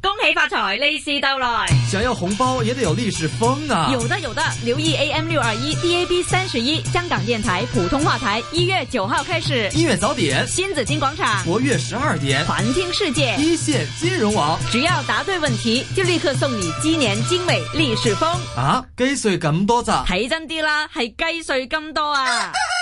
F: 恭喜發財，利是到來。想
I: 要紅包也得有利是封啊！有
F: 的有的，留意 AM 六二一 DAB 三十一香港電台普通話台，一月九號開始音樂早點，新紫金廣場，活月十二點，凡聽世界一線金融網。只要答對問題，就立刻送你今年精美利是封啊！雞碎咁多咋？睇真啲啦，係雞碎咁多啊！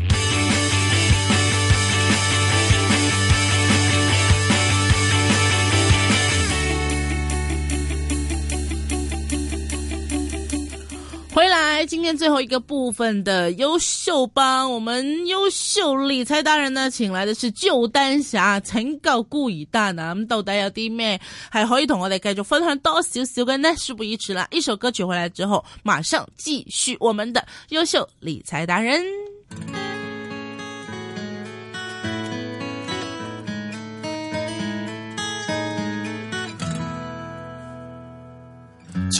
A: 今天最後一個部分的優秀幫，我們優秀理財達人呢，請來的是舊丹霞，曾告故已大拿。我們到底有啲咩還可以同我哋繼續分享多少少嘅呢？事不宜遲啦，一首歌曲回來之後，馬上繼續我們的優秀理財達人。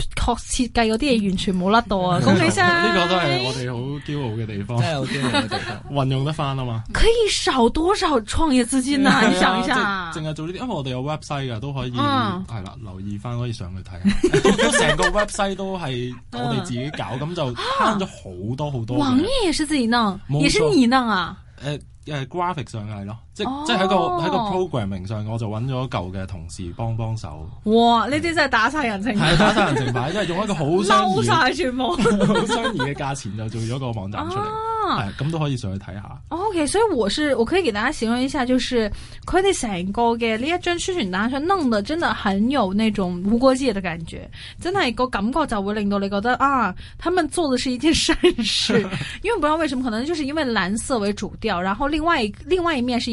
F: 學設計嗰啲嘢完全冇甩到啊！講起先，呢 個都係我哋
G: 好驕傲嘅地方，運 用得翻啊嘛！可
F: 以少多少創業資金啊, 啊？你想一下、啊，
G: 淨係做呢啲，因為我哋有 website 噶，都可以係啦、嗯，留意翻可以上去睇，成 個 website 都係我哋自己搞，咁 就慳咗好多好多。網頁
F: 也是自己弄，也是你弄啊？
G: 誒、呃、誒，graphic 上係咯。即即喺個喺、oh。個 program 名上，我就揾咗舊嘅同事幫幫手。
F: 哇、wow！呢啲真係打晒人情牌，打晒人情
G: 牌，即 係用一個好相宜嘅價錢就做咗個網站出嚟，係、ah。咁都可以上去
F: 睇下。OK，所以我是我可以給大家形容一下，就是佢哋成個嘅呢一張宣傳單張弄得真的很有那種無國界嘅感覺，真係個感覺就會令到你覺得啊，他們做的是一件善事。 因為唔知道為什麼可能就是因為藍色為主調，然後另外另外一面是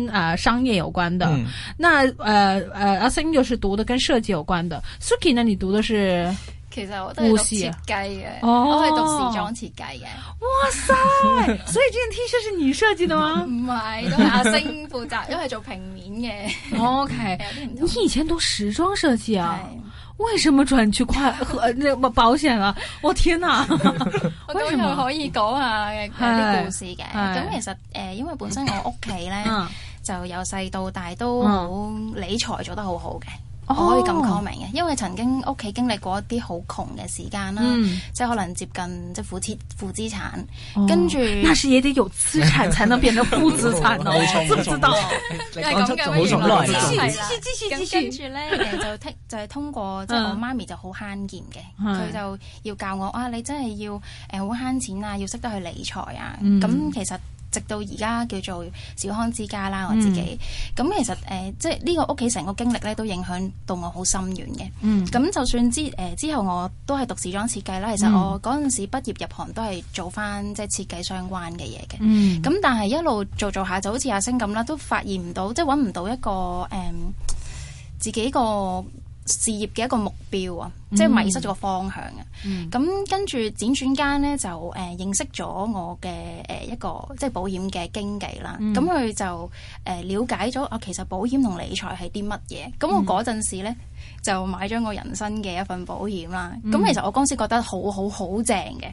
F: 誒、啊，商業有關的，嗯、那呃呃阿、啊、星就是讀的跟設計有關的。Suki 呢，你讀的是
H: 其實我都係讀設計嘅，我係讀時裝設計嘅。哇塞， 所以這件 T 恤是你設計的嗎？唔係，都係阿星負責，因 為做平面嘅。 OK，的你
F: 以前讀時裝設計啊？ 為什麼轉去快和 保險啊？Oh, 天哪 我天呐！
H: 我今日可以講下呢啲故事嘅，咁、哎哎、其實誒、呃，因為本身我屋企咧。嗯就由細到大都好理財做得很好好嘅、嗯，我可以咁講明嘅，因為曾經屋企經歷過一啲好窮嘅時間啦、啊嗯，即係可能接近即係負資負資產，哦、跟住那是也得有資產才能變成負資產哦，知、嗯、道？係咁
F: 嘅，好、嗯、耐
H: 嗯 嗯、 跟住著咧呢、 呃，就聽就係、是、通過即係、嗯就是就是、我媽咪就好慳錢嘅，佢、嗯、就要教我啊，你真係要誒好慳錢啊，要識得去理財啊，咁、嗯、其實。直到而家叫做小康之家啦，我自己咁、嗯、其實誒、呃，即係呢個屋企成個經歷咧，都影響到我好深遠嘅。咁、嗯、就算之誒、呃、之後我都係讀時裝設計啦，其實我嗰陣時畢業入行都係做翻即係設計相關嘅嘢嘅。咁、嗯、但係一路做做下，就好似阿星咁啦，都發現唔到，即係揾唔到一個誒、呃、自己個。事業嘅一個目標啊，即、就、係、是、迷失咗個方向啊。咁、嗯嗯、跟住輾轉間呢就誒認識咗我嘅誒一個即係、就是、保險嘅經紀啦。咁、嗯、佢就誒了解咗啊，其實保險同理財係啲乜嘢。咁我嗰陣時呢。嗯就買咗個人生嘅一份保險啦，咁、嗯、其實我嗰時覺得好好好正嘅，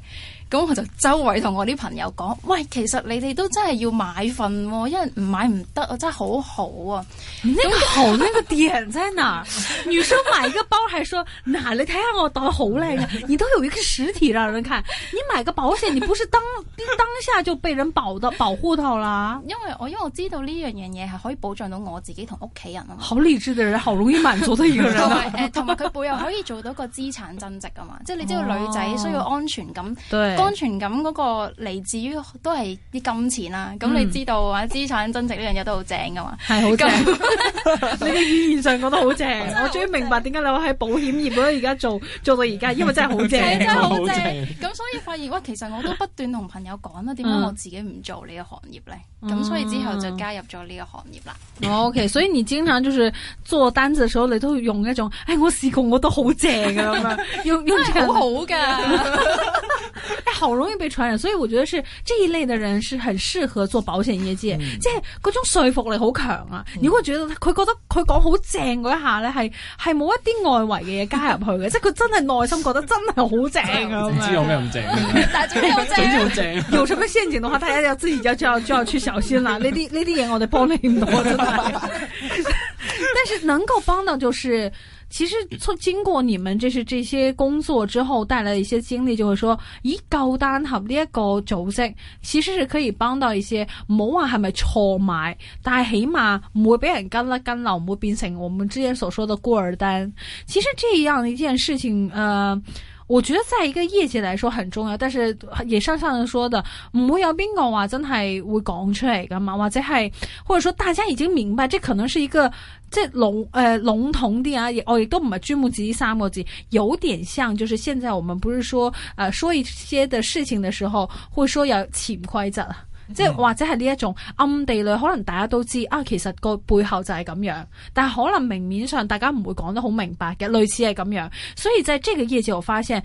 H: 咁我就周圍同我啲朋友講，喂，其實你哋都真係要買份、哦，因為唔買唔得啊，真係好好啊！呢、那個、好，呢個點在哪 女生買一個包，還說 嗱
F: 你睇下我袋好靚啊，你都有一個實體讓人看。你買個保險，你不是當當下就被人保到保護到啦？
H: 因為我因為我知道呢樣嘢嘢係可以保障到我自己同屋企人啊。
F: 好理智嘅人，好容易滿足嘅一個人。
H: 同埋誒，同埋佢背後，可以做到個資產增值啊嘛，即 係你知道女仔需要安全感，哦、安全感嗰個嚟自於都係啲金錢啦、啊。咁、嗯、你知道嘅話，資產增值呢樣嘢都好正噶嘛，
F: 係好正。 你嘅語言上講得好正，
H: 我終於明白點解你話喺保險業度而
F: 家做 做到而家，因為真係好正， 真係好正。
H: 咁 所以發現喂，其實我都不斷同朋友講啦，點解我自己唔做呢個行業咧？咁、嗯、所以之後就加入咗呢個行業啦、嗯。
F: OK，所以你經常就是做單子嘅時候，你都用。嗰種，哎，我試過，我都、啊、 好正噶，要要真係好好噶，哎，好容易被傳染，所以我覺得是這一類的人是很適合做保險業嘅，即係嗰種說服力好強啊、嗯。如果覺得佢覺得佢講好正嗰一下咧，係係冇一啲外圍嘅嘢，加入去嘅，即係佢真係內心覺得真係好正啊。 是不是 知有咩咁正？但 係 總之好很正，
G: 總之
J: 好正。
F: 用咗佢先情的話，睇下有之，有最後最後出手先啦。呢啲呢啲嘢我哋幫你唔到啊，真係。 但是能夠幫到，就是其實從經過你們這是這些工作之後帶來的一些經歷，就會說，一高單合呢一個組織，其實是可以幫到一些，唔好話係咪錯買，但係起碼唔會俾人跟啦跟老母，唔變成我們之前所說的孤兒單。其實這樣一件事情，呃。我覺得在一個業界來說很重要，但是也上上人說的唔會有邊個話真係會講出嚟噶嘛，或者係或者說大家已經明白，這可能是一個即係籠誒籠統啲啊，哦，亦都唔係《君木集》《沙漠集》有點像，就是現在我們不是說啊、呃、說一些的事情的時候，會說要潛規則。即係或者係呢一種暗地裏，可能大家都知道啊，其實個背後就係咁樣，但係可能明面上大家唔會講得好明白嘅，類似係咁樣。所以在呢個業就我發現呢、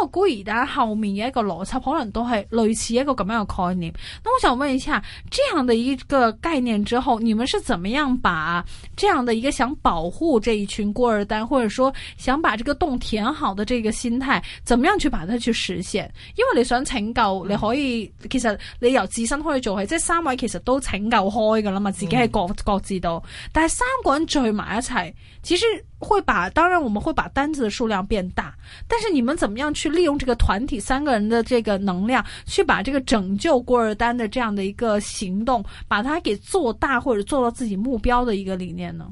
F: 這個孤兒丹後面嘅一個邏輯，可能都係類似一個咁樣嘅概念。咁我想問一下，這樣的一個概念之後，你們是怎麼樣把這樣的一個想保護這一群孤兒丹，或者說想把這個洞填好的這個心態，怎麼樣去把它去實現？因為你想拯救，嗯、你可以其實你由自身。可以做係，即係三位其實都拯救開噶啦嘛，自己係各各自度，但係三個人聚埋一齊，其實會把，當然我們會把單子的數量變大，但是你們怎麼樣去利用這個團體三個人的這個能量，去把這個拯救孤兒單的這樣的一個行動，把它給做大或者做到自己目標的一個理念呢？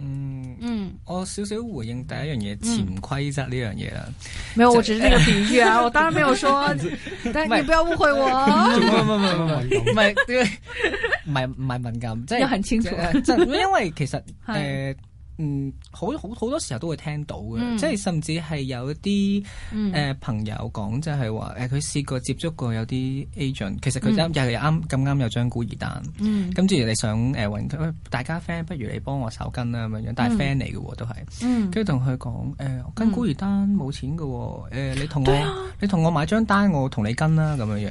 K: 嗯嗯，我少少回應第一樣嘢潛規則呢樣嘢啦。
F: 沒有，我只是這個比喻啊，呃，我當然沒有說， 但你不要誤會我。唔
K: 唔唔唔係唔係唔係敏感，即 係很
F: 清楚。因
K: 為其實誒。 呃嗯，好好好多時候都會聽到嘅、嗯，即係甚至係有一啲誒朋友講，即係話誒佢試過接觸過有啲 agent，其實佢啱又又啱咁啱有張孤兒單，咁、嗯、之後你想誒佢、呃，大家 friend 不如你幫我手跟啦咁樣，但係 friend 嚟嘅喎都係，嗯、跟住同佢講誒，呃、我跟孤兒單冇錢嘅喎、哦呃，你同我、嗯、你同我買張單，我同你跟啦咁樣樣。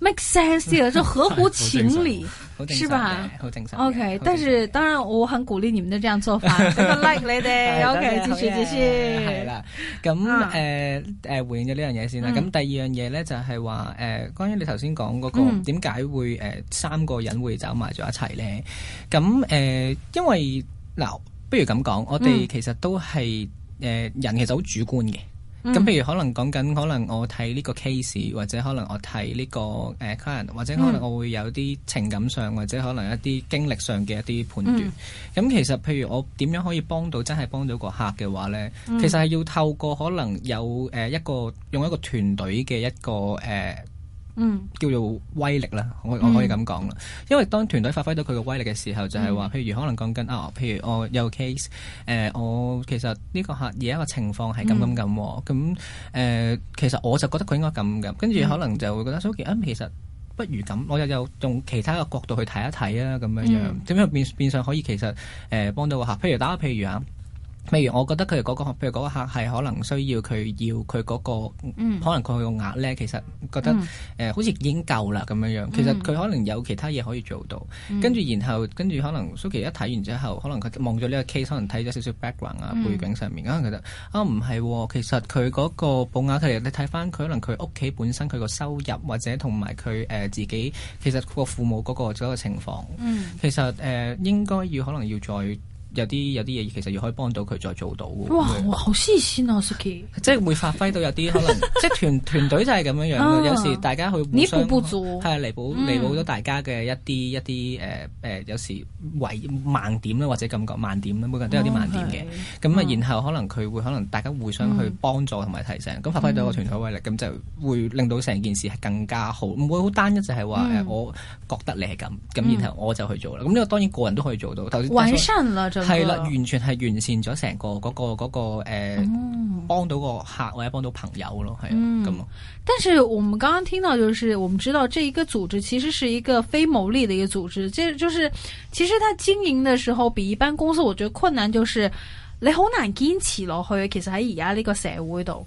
F: make sense 嘅 就合乎情理，好正常，好正常。OK，但是當然，我很鼓勵你們的這樣做法。我 like 你哋。 OK，繼續繼續，係啦，
K: 咁誒誒回應咗呢樣嘢先啦。咁、啊、第二樣嘢咧就係話，誒關於你頭先講嗰個點解、嗯、會誒、呃、三個人會走埋咗一齊咧？咁誒、呃、因為嗱、呃，不如咁講，我哋其實都係誒、呃、人其實好主觀嘅。咁譬如可能講緊，可能我睇呢個 case，或者可能我睇呢個誒 client，或者可能我會有啲情感上，或者可能一啲經歷上嘅一啲判斷。咁、嗯、其實譬如我點樣可以幫到真係幫到個客嘅話咧，其實係要透過可能有誒一個用一個團隊嘅一個誒。呃嗯，叫做威力啦，我我可以咁講啦，因為當團隊發揮到佢嘅威力嘅時候就，就係話，譬如可能講緊啊，譬如我有 case，誒、呃，我其實呢個客而家個情況係咁咁咁喎，咁、嗯、誒、呃，其實我就覺得佢應該咁嘅，跟住可能就會覺得，所、嗯、以、啊、其實不如咁，我又又用其他嘅角度去睇一睇啊，咁樣樣，點、嗯、樣變變相可以其實誒、呃、幫到個客，譬如打譬如啊。譬如，我覺得佢哋嗰個，譬如嗰個客係可能需要佢要佢嗰、那個、嗯，可能佢個額咧，其實覺得誒、嗯呃、好似已經夠啦咁樣樣。其實佢可能有其他嘢可以做到。嗯、跟住然後跟住，可能 Suki 一睇完之後，可能佢望咗呢個 case，可能睇咗少少 background 啊背景上面，可能覺得啊唔係喎，其實佢嗰個保額，佢哋你睇翻佢可能佢屋企本身佢個收入，或者同埋佢誒自己，其實佢個父母嗰、那個嗰、那個情況，嗯、其實誒、呃、應該要可能要再。有啲有啲嘢，其實要可以幫到佢再做到嘅。哇，
F: 好思思啊，Suki！
K: 即係會發揮到有啲可能，即係團團隊就係咁樣樣。有時大家去互相，係啊，彌補彌補咗大家嘅一啲一啲誒誒，有時遺慢點啦，或者感覺慢點啦，每個人都有啲慢點嘅。咁啊，然後可能佢會可能大家互相去幫助同埋提醒，咁、嗯、發揮到個團隊威力，咁就會令到成件事係更加好，唔會好單一，就係話誒，嗯、我覺得你係咁，咁然後我就去做啦。咁呢個當然個人都可以做到。完善啦！係啦， 完全係完善咗成個嗰、那個嗰、那個誒，幫、呃嗯、到個客或者幫到朋友咯，係咁、嗯。
F: 但是我們剛剛聽到，就是我們知道這一個組織其實是一個非牟利的一個組織，即就是其實佢經營的時候比一般公司，我覺得困難就是你好難堅持落去。其實喺而家呢個社會度。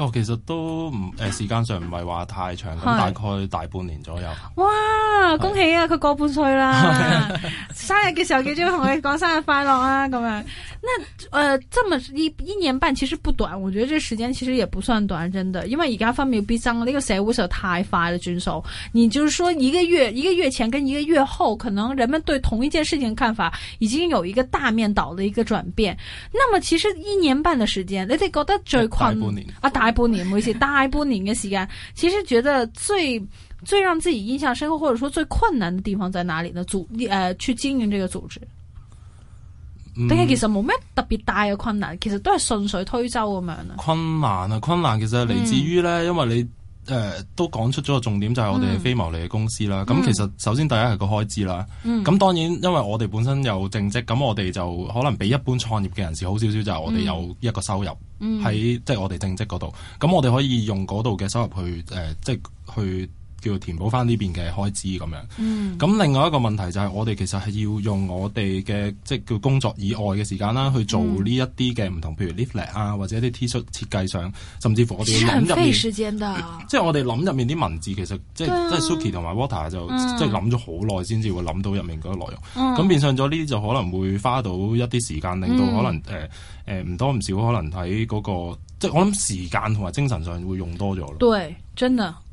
G: 哦，其實都唔誒、呃、時間上唔係話太長咁，大概大半年左右。
F: 哇，恭喜啊！佢過半歲啦， 生日嘅時候記住同你講生日快樂啊！咁啊，那誒、呃，這麼一一年半其實不短，我覺得呢個時間其實也不算短，真的。因為而家分秒必爭，呢、這個社會實在太快嘅進步。你就是說一個月一個月前跟一個月後，可能人們對同一件事情的看法已經有一個大面倒嘅一個轉變。那麼其實一年半嘅時間，你哋覺得最睏啊大？ 大半年，每次大半年嘅時間，其實覺得最最讓自己印象深刻，或者說最困難的地方在哪裡呢？組，誒、呃，去經營呢個組織，
G: 嗯、但係其實
F: 冇咩特別大嘅困難，其實都係順水推舟咁樣啊。
G: 困難啊，困難，其實係嚟自於咧、嗯，因為你。誒、呃、都講出咗個重點，就係我哋非牟利嘅公司啦。咁、嗯、其實首先第一係個開支啦。咁、嗯、當然因為我哋本身有正職，咁我哋就可能比一般創業嘅人士好少少，就係我哋有一個收入喺即係我哋正職嗰度。咁我哋可以用嗰度嘅收入去即係、呃即係、去。叫做填補翻呢邊嘅開支咁樣。咁、嗯、另外一個問題就係我哋其實係要用我哋嘅即係叫工作以外嘅時間啦，去做呢一啲嘅唔同、嗯，譬如 leaflet 啊，或者啲 T 恤設計上，甚至乎我哋要諗入面，時間即係我哋諗入面啲文字其實、啊、即係即係 Suki 同埋 Water 就即係諗咗好耐先至會諗到入面嗰個內容。咁、嗯、變相咗呢啲就可能會花到一啲時間，令到可能誒唔、嗯呃呃、多唔少可能喺嗰、嗰個即係我諗時間同埋精神上會用多咗咯。
F: 對，真嘅。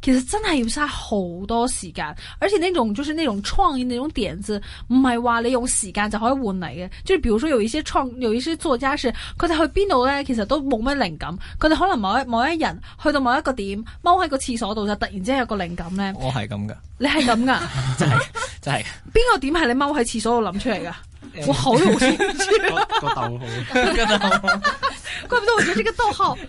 F: 其實真係要嘥好多時間，而且呢種就是呢種創意、呢種點子，唔係話你用時間就可以換嚟嘅。即係比如說，有一些創，有一些作家說，佢哋去邊度咧，其實都冇咩靈感。佢哋可能某一某一人去到某一個點，踎喺個廁所度就突然之間有個靈感咧。我係咁噶，你係咁噶，真係真係。邊個點係你踎喺廁所度諗出嚟噶？我好容易，個我
L: 號，
F: 怪不得我知個逗號。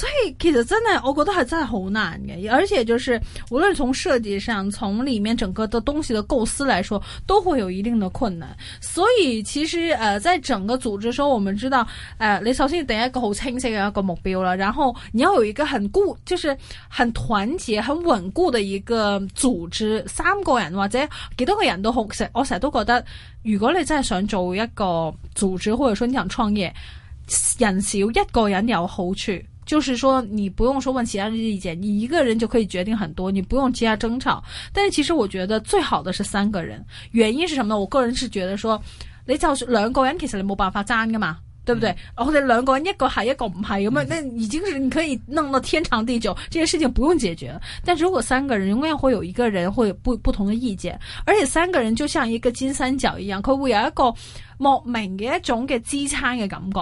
F: 所以其實真係我覺得係真係好難嘅，而且就是無論從設計上，從裏面整個的東西的構思嚟說，都會有一定的困難。所以其實，誒、呃，在整個組織的時候，我們知道，誒、呃，你首先第一個好清晰嘅一個目標啦，然後你要有一個很固，就是很團結、很穩固的一個組織。三個人或者幾多個人都好，我成日都覺得，如果你真係想做一個組織，或者說你想創業，人少一個人有好處。就是說，你不用說問其他人的意見，你一個人就可以決定很多，你不用其他爭吵。但是其實我覺得最好的是三個人，原因是什麼呢？我個人是覺得說，你就算兩個人，其實你沒辦法爭噶嘛，對不對？嗯、然後我哋兩個人一個係一個唔係咁樣，那已經是你可以弄到天長地久，這些事情不用解決。但如果三個人，永遠會有一個人會有不不同的意見，而且三個人就像一個金三角一樣，會有一個。莫名嘅一種嘅支撐嘅感覺，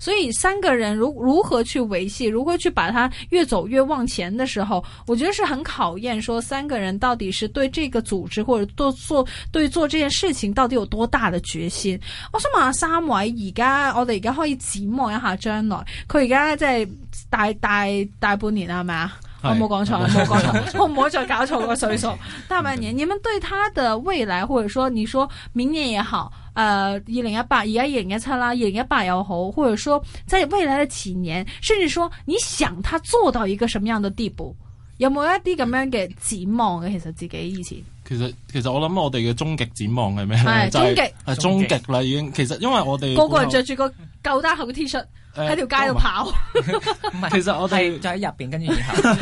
F: 所以三個人如如何去維繫，如何去把它越走越往前嘅時候，我覺得是很考驗，說三個人到底是對這個組織或者做做對做這件事情到底有多大的決心。我想問下三位，而家我哋而家可以展望一下將來，佢而家即係大大大半年啦，係咪啊？我冇講錯，我冇講錯，我唔好再搞錯個歲數。大半年，你們對他的未來，或者說你說明年也好，誒，二零一八，而家二零一七啦，二零一八又好，或者說在未來的幾年，甚至說你想他做到一個什麼樣的地步，有冇一啲咁樣嘅展望嘅？其實自己以前。
G: 其實其實我諗我哋嘅終極展望係咩咧？終極係終極啦，已經其實因為我哋個個人着
F: 住個舊單盒嘅 T 恤喺條街度跑 。
G: 其實我哋就喺入邊，跟住
K: 以後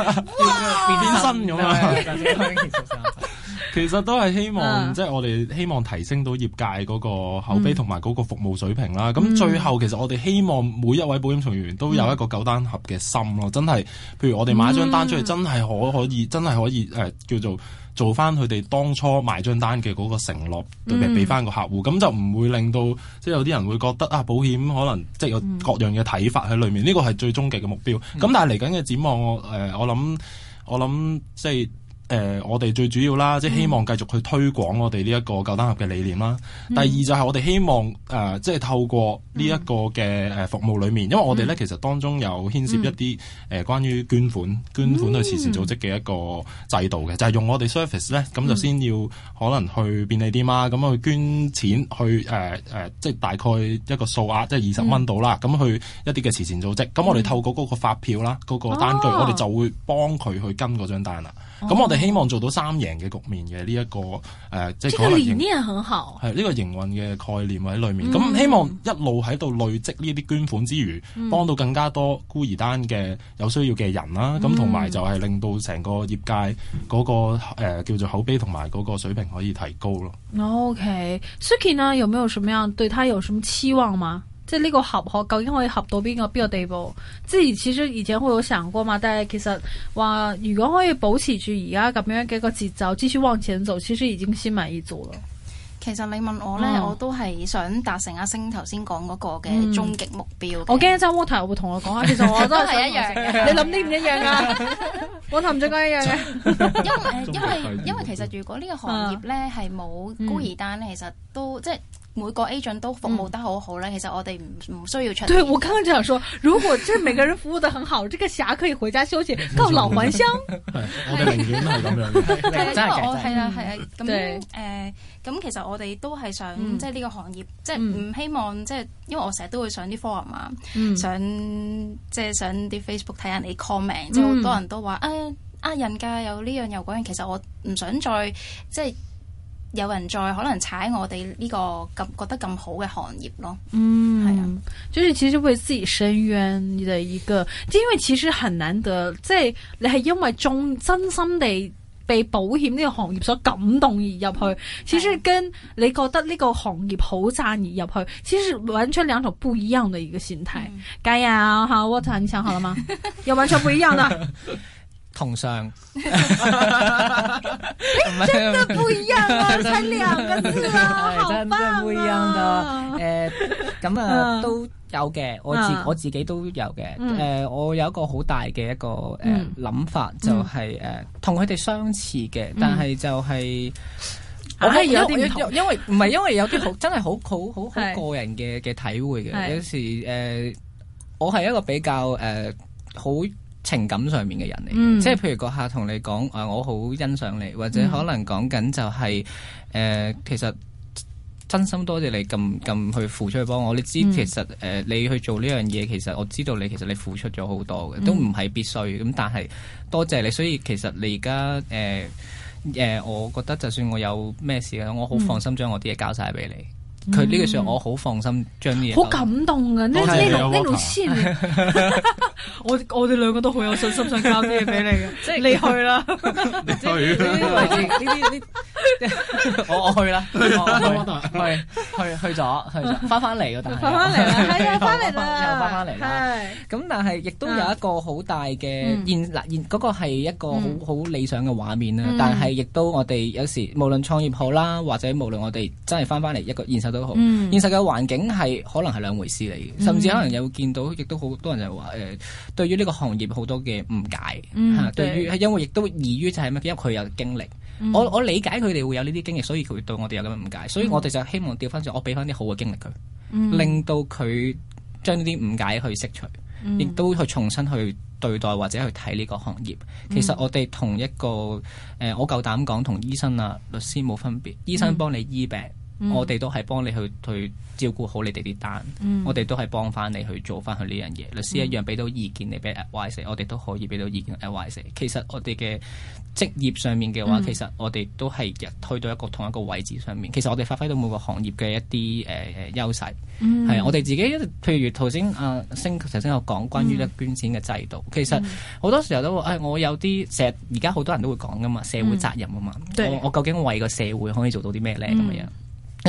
K: 變變身咁啊！
G: 其實都係希望，即、啊、係、就是、我哋希望提升到業界嗰個口碑同埋嗰個服務水平啦。咁、嗯、最後，其實我哋希望每一位保險從業員都有一個舊單盒嘅心咯。真係，譬如我哋買張單出去，真係可可以，真係可以誒、欸，叫做。做翻佢哋當初賣張單嘅嗰個承諾，對比俾翻個客戶，咁、嗯、就唔會令到即係、就是、有啲人會覺得啊，保險可能即係、就是、有各樣嘅睇法喺裏面，呢個係最終極嘅目標。咁、嗯、但係嚟緊嘅展望，誒、呃，我諗我諗即係。就是誒、呃，我哋最主要啦，即、就、係、是、希望繼續去推廣我哋呢一個舊單合嘅理念啦。嗯、第二就係我哋希望誒，即、呃、係、就是、透過呢一個嘅服務裏面，嗯、因為我哋咧、嗯、其實當中有牽涉一啲誒、嗯呃、關於捐款、捐款去慈善組織嘅一個制度嘅，就係、是、用我哋 service 咧，咁、嗯、就先要可能去便利店啦，咁去捐錢去誒即係大概一個數額，即係二十蚊到啦，咁、嗯、去一啲嘅慈善組織。咁、嗯、我哋透過嗰個發票啦，嗰、那個單據，啊、我哋就會幫佢去跟嗰張單啦。咁、哦、我哋希望做到三贏嘅局面嘅呢一個誒、呃，即係呢、這個理
F: 念很好，
G: 係呢、這個營運嘅概念喺裏面。咁、嗯、希望一路喺度累積呢啲捐款之餘，幫、嗯、到更加多孤兒單嘅有需要嘅人啦。咁同埋就係令到成個業界嗰、那個誒、嗯呃、叫做口碑同埋嗰個水平可以提高
F: 咯。OK，Suki、okay. 呢，有冇有什麼樣對他有什麼期望嗎？即係呢個合合，究竟可以合到邊個邊個地步？即係其實以前會有想過嘛。但係其實話，如果可以保持住而家咁樣嘅個節奏，繼續往前走，其實已經心滿意足啦。
H: 其實你問我咧、哦，我都係想達成阿星頭先講嗰個嘅終極目標、嗯。我驚周 w a t 會同我講啊！其實我都係 一樣，你諗啲唔一樣啊 我 a t e r 唔一樣嘅， 因為因為因為其實如果呢個行業咧係冇孤兒單咧，其實都即係。每個 agent 都服務得好好咧，嗯，其實我哋唔唔需要出。對，我
F: 剛剛就想說，如果即係每個人服務得很
H: 好，這個俠可以回家休息，告老還鄉。
F: 係
E: 我寧願
F: 係
H: 啦，係啊，咁樣誒，咁其實我哋都係想即係呢個行業，即係唔希望即係，因為我成日都會上啲 forum 啊，嗯想就是，上即係上啲 Facebook 睇人哋 comment，即係好多人都話誒啊，啊人噶，有呢樣又嗰樣，其實我唔想再即係。就是有人再可能踩我哋呢個咁覺得咁好嘅行業咯，嗯，係啊，
F: 所、就、以、是、其實為自己申冤嘅一個，因為其實很難得，即、就、係、是、你係因為中真心地被保險呢個行業所感動而入去，嗯、其實跟你覺得呢個行業好讚而入去，其實完全兩種不一樣的一個心態。咁、嗯、啊，加油 w a t e 你想好了嗎？ 又完全不一樣啦
K: 同上，哎，真係
F: 不一樣啊！才兩個字咯，好棒啊！
K: 誒，咁啊都有嘅，我自我自己都有嘅。誒，我有一個好大嘅一個誒諗法，就係誒同佢哋相似嘅，但係就係
G: 我係有啲同，
K: 因為唔係因為有啲好真係好好好好個人嘅嘅體會嘅。有時誒，我係一個比較誒好。情感上面嘅人嚟，即、嗯、係譬如個客同你講啊，我好欣賞你，或者可能講緊就係、是、誒、嗯呃，其實真心多謝你咁咁去付出去幫我。你知其實誒、嗯呃，你去做呢樣嘢，其實我知道你其實你付出咗好多嘅，都唔係必須咁，但係多謝你。所以其實你而家誒誒，我覺得就算我有咩事嘅，我好放心將我啲嘢交晒俾你。嗯
F: 佢呢個時候我
K: 好放心，將啲嘢好感
F: 動嘅呢呢呢老師， 潮 我我哋兩個都好有信心，想交啲嘢俾你嘅，
A: 即係你去啦， 即 你去呢啦啲 你 說我 我，我去啦， 我
F: 我去去去咗，去咗，
K: 翻翻嚟咯，但係翻翻嚟啦，係 啊來了，翻嚟啦，翻翻嚟啦，咁但係亦都有一個好大嘅現嗱現嗰個係一個好好理想嘅畫面啦，但係亦都我哋有時無論創業好啦，或者無論我哋真係翻翻嚟一個現實嘅。好現實嘅環境係可能係兩回事嚟嘅。甚至可能有見到，亦、嗯、都好多人就話誒，對於呢個行業好多嘅誤解吓、嗯，對於因為亦都異於就係咩，因為佢、就是、有經歷、嗯。我我理解佢哋會有呢啲經歷，所以佢對我哋有咁嘅誤解，所以我哋就希望調翻轉，我俾翻啲好嘅經歷佢，令到佢將啲誤解去釋除，亦、嗯、都去重新去對待或者去睇呢個行業。嗯、其實我哋同一個誒、呃，我夠膽講，同醫生啊、律師冇分別。醫生幫你醫病。嗯嗯、我哋都係幫你去去照顧好你哋啲單，嗯、我哋都係幫翻你去做翻佢呢樣嘢。律師一樣俾到意見，你俾 advice 我哋都可以俾到意見 advice 其實我哋嘅職業上面嘅話、嗯，其實我哋都係入去到一個同一個位置上面。其實我哋發揮到每個行業嘅一啲誒誒優勢，啊、嗯。我哋自己譬如頭先啊，星頭先有講關於捐錢嘅制度，嗯、其實好多時候都話、哎、我有啲成日而家好多人都會講噶嘛，社會責任啊嘛、嗯我。我究竟為個社會可以做到啲咩咧，咁樣？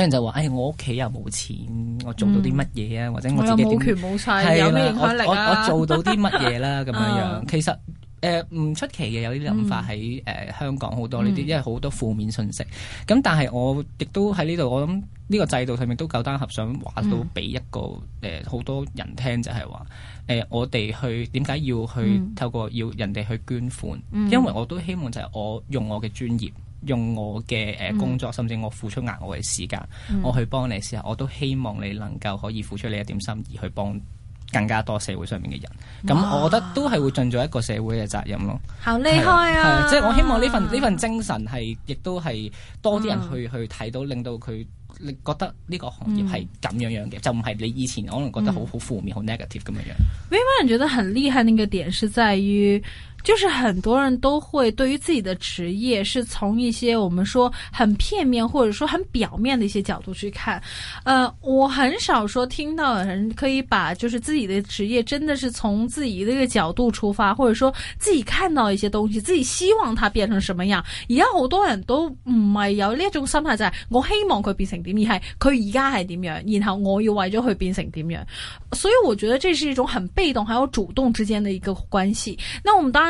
K: 啲人就話，哎，我屋企又冇錢，我做到啲乜嘢啊？或者我自己冇權冇勢，有咩影響力啊？我我？我做到啲乜嘢啦？咁 樣樣，其實誒唔、呃、出奇嘅，有啲諗法喺誒、嗯呃、香港好多呢啲，因為好多負面信息。咁、嗯、但係我亦都喺呢度，我諗呢個制度上面都夠單合想話到俾一個誒好、嗯呃、多人聽就是說，就係話誒我哋去點解要去、嗯、透過要人哋去捐款，嗯、因為我都希望就係我用我嘅專業。用我嘅誒工作，甚至我付出額外嘅時間、嗯，我去幫你嘅時候，我都希望你能夠可以付出你一點心意，意去幫更加多社會上面嘅人。
F: 咁我覺得
K: 都係會盡咗一個社會嘅責任咯。
F: 好厲害啊！即係、就是、我
K: 希望呢份呢、啊、份精神係亦都係多啲人去、嗯、去睇到，令到佢、嗯嗯，你覺得呢個行業係咁樣樣嘅，就唔係你以前可能覺得好好負面、好 negative 咁樣樣。
F: Many people 覺得很厲害，那個點是在於。就是很多人都會對於自己的職業是從一些我們說很片面或者說很表面的一些角度去看，呃，我很少說聽到人可以把就是自己的職業真的是從自己的一個角度出發，或者說自己看到一些東西，自己希望它變成什麼樣。也有好多人都唔係有呢種心態，在，我希望佢變成點，而係佢而家係點樣，然後我以為咗佢變成點樣。所以我覺得這是一種很被動還有主動之間的一個關係。那我們當然。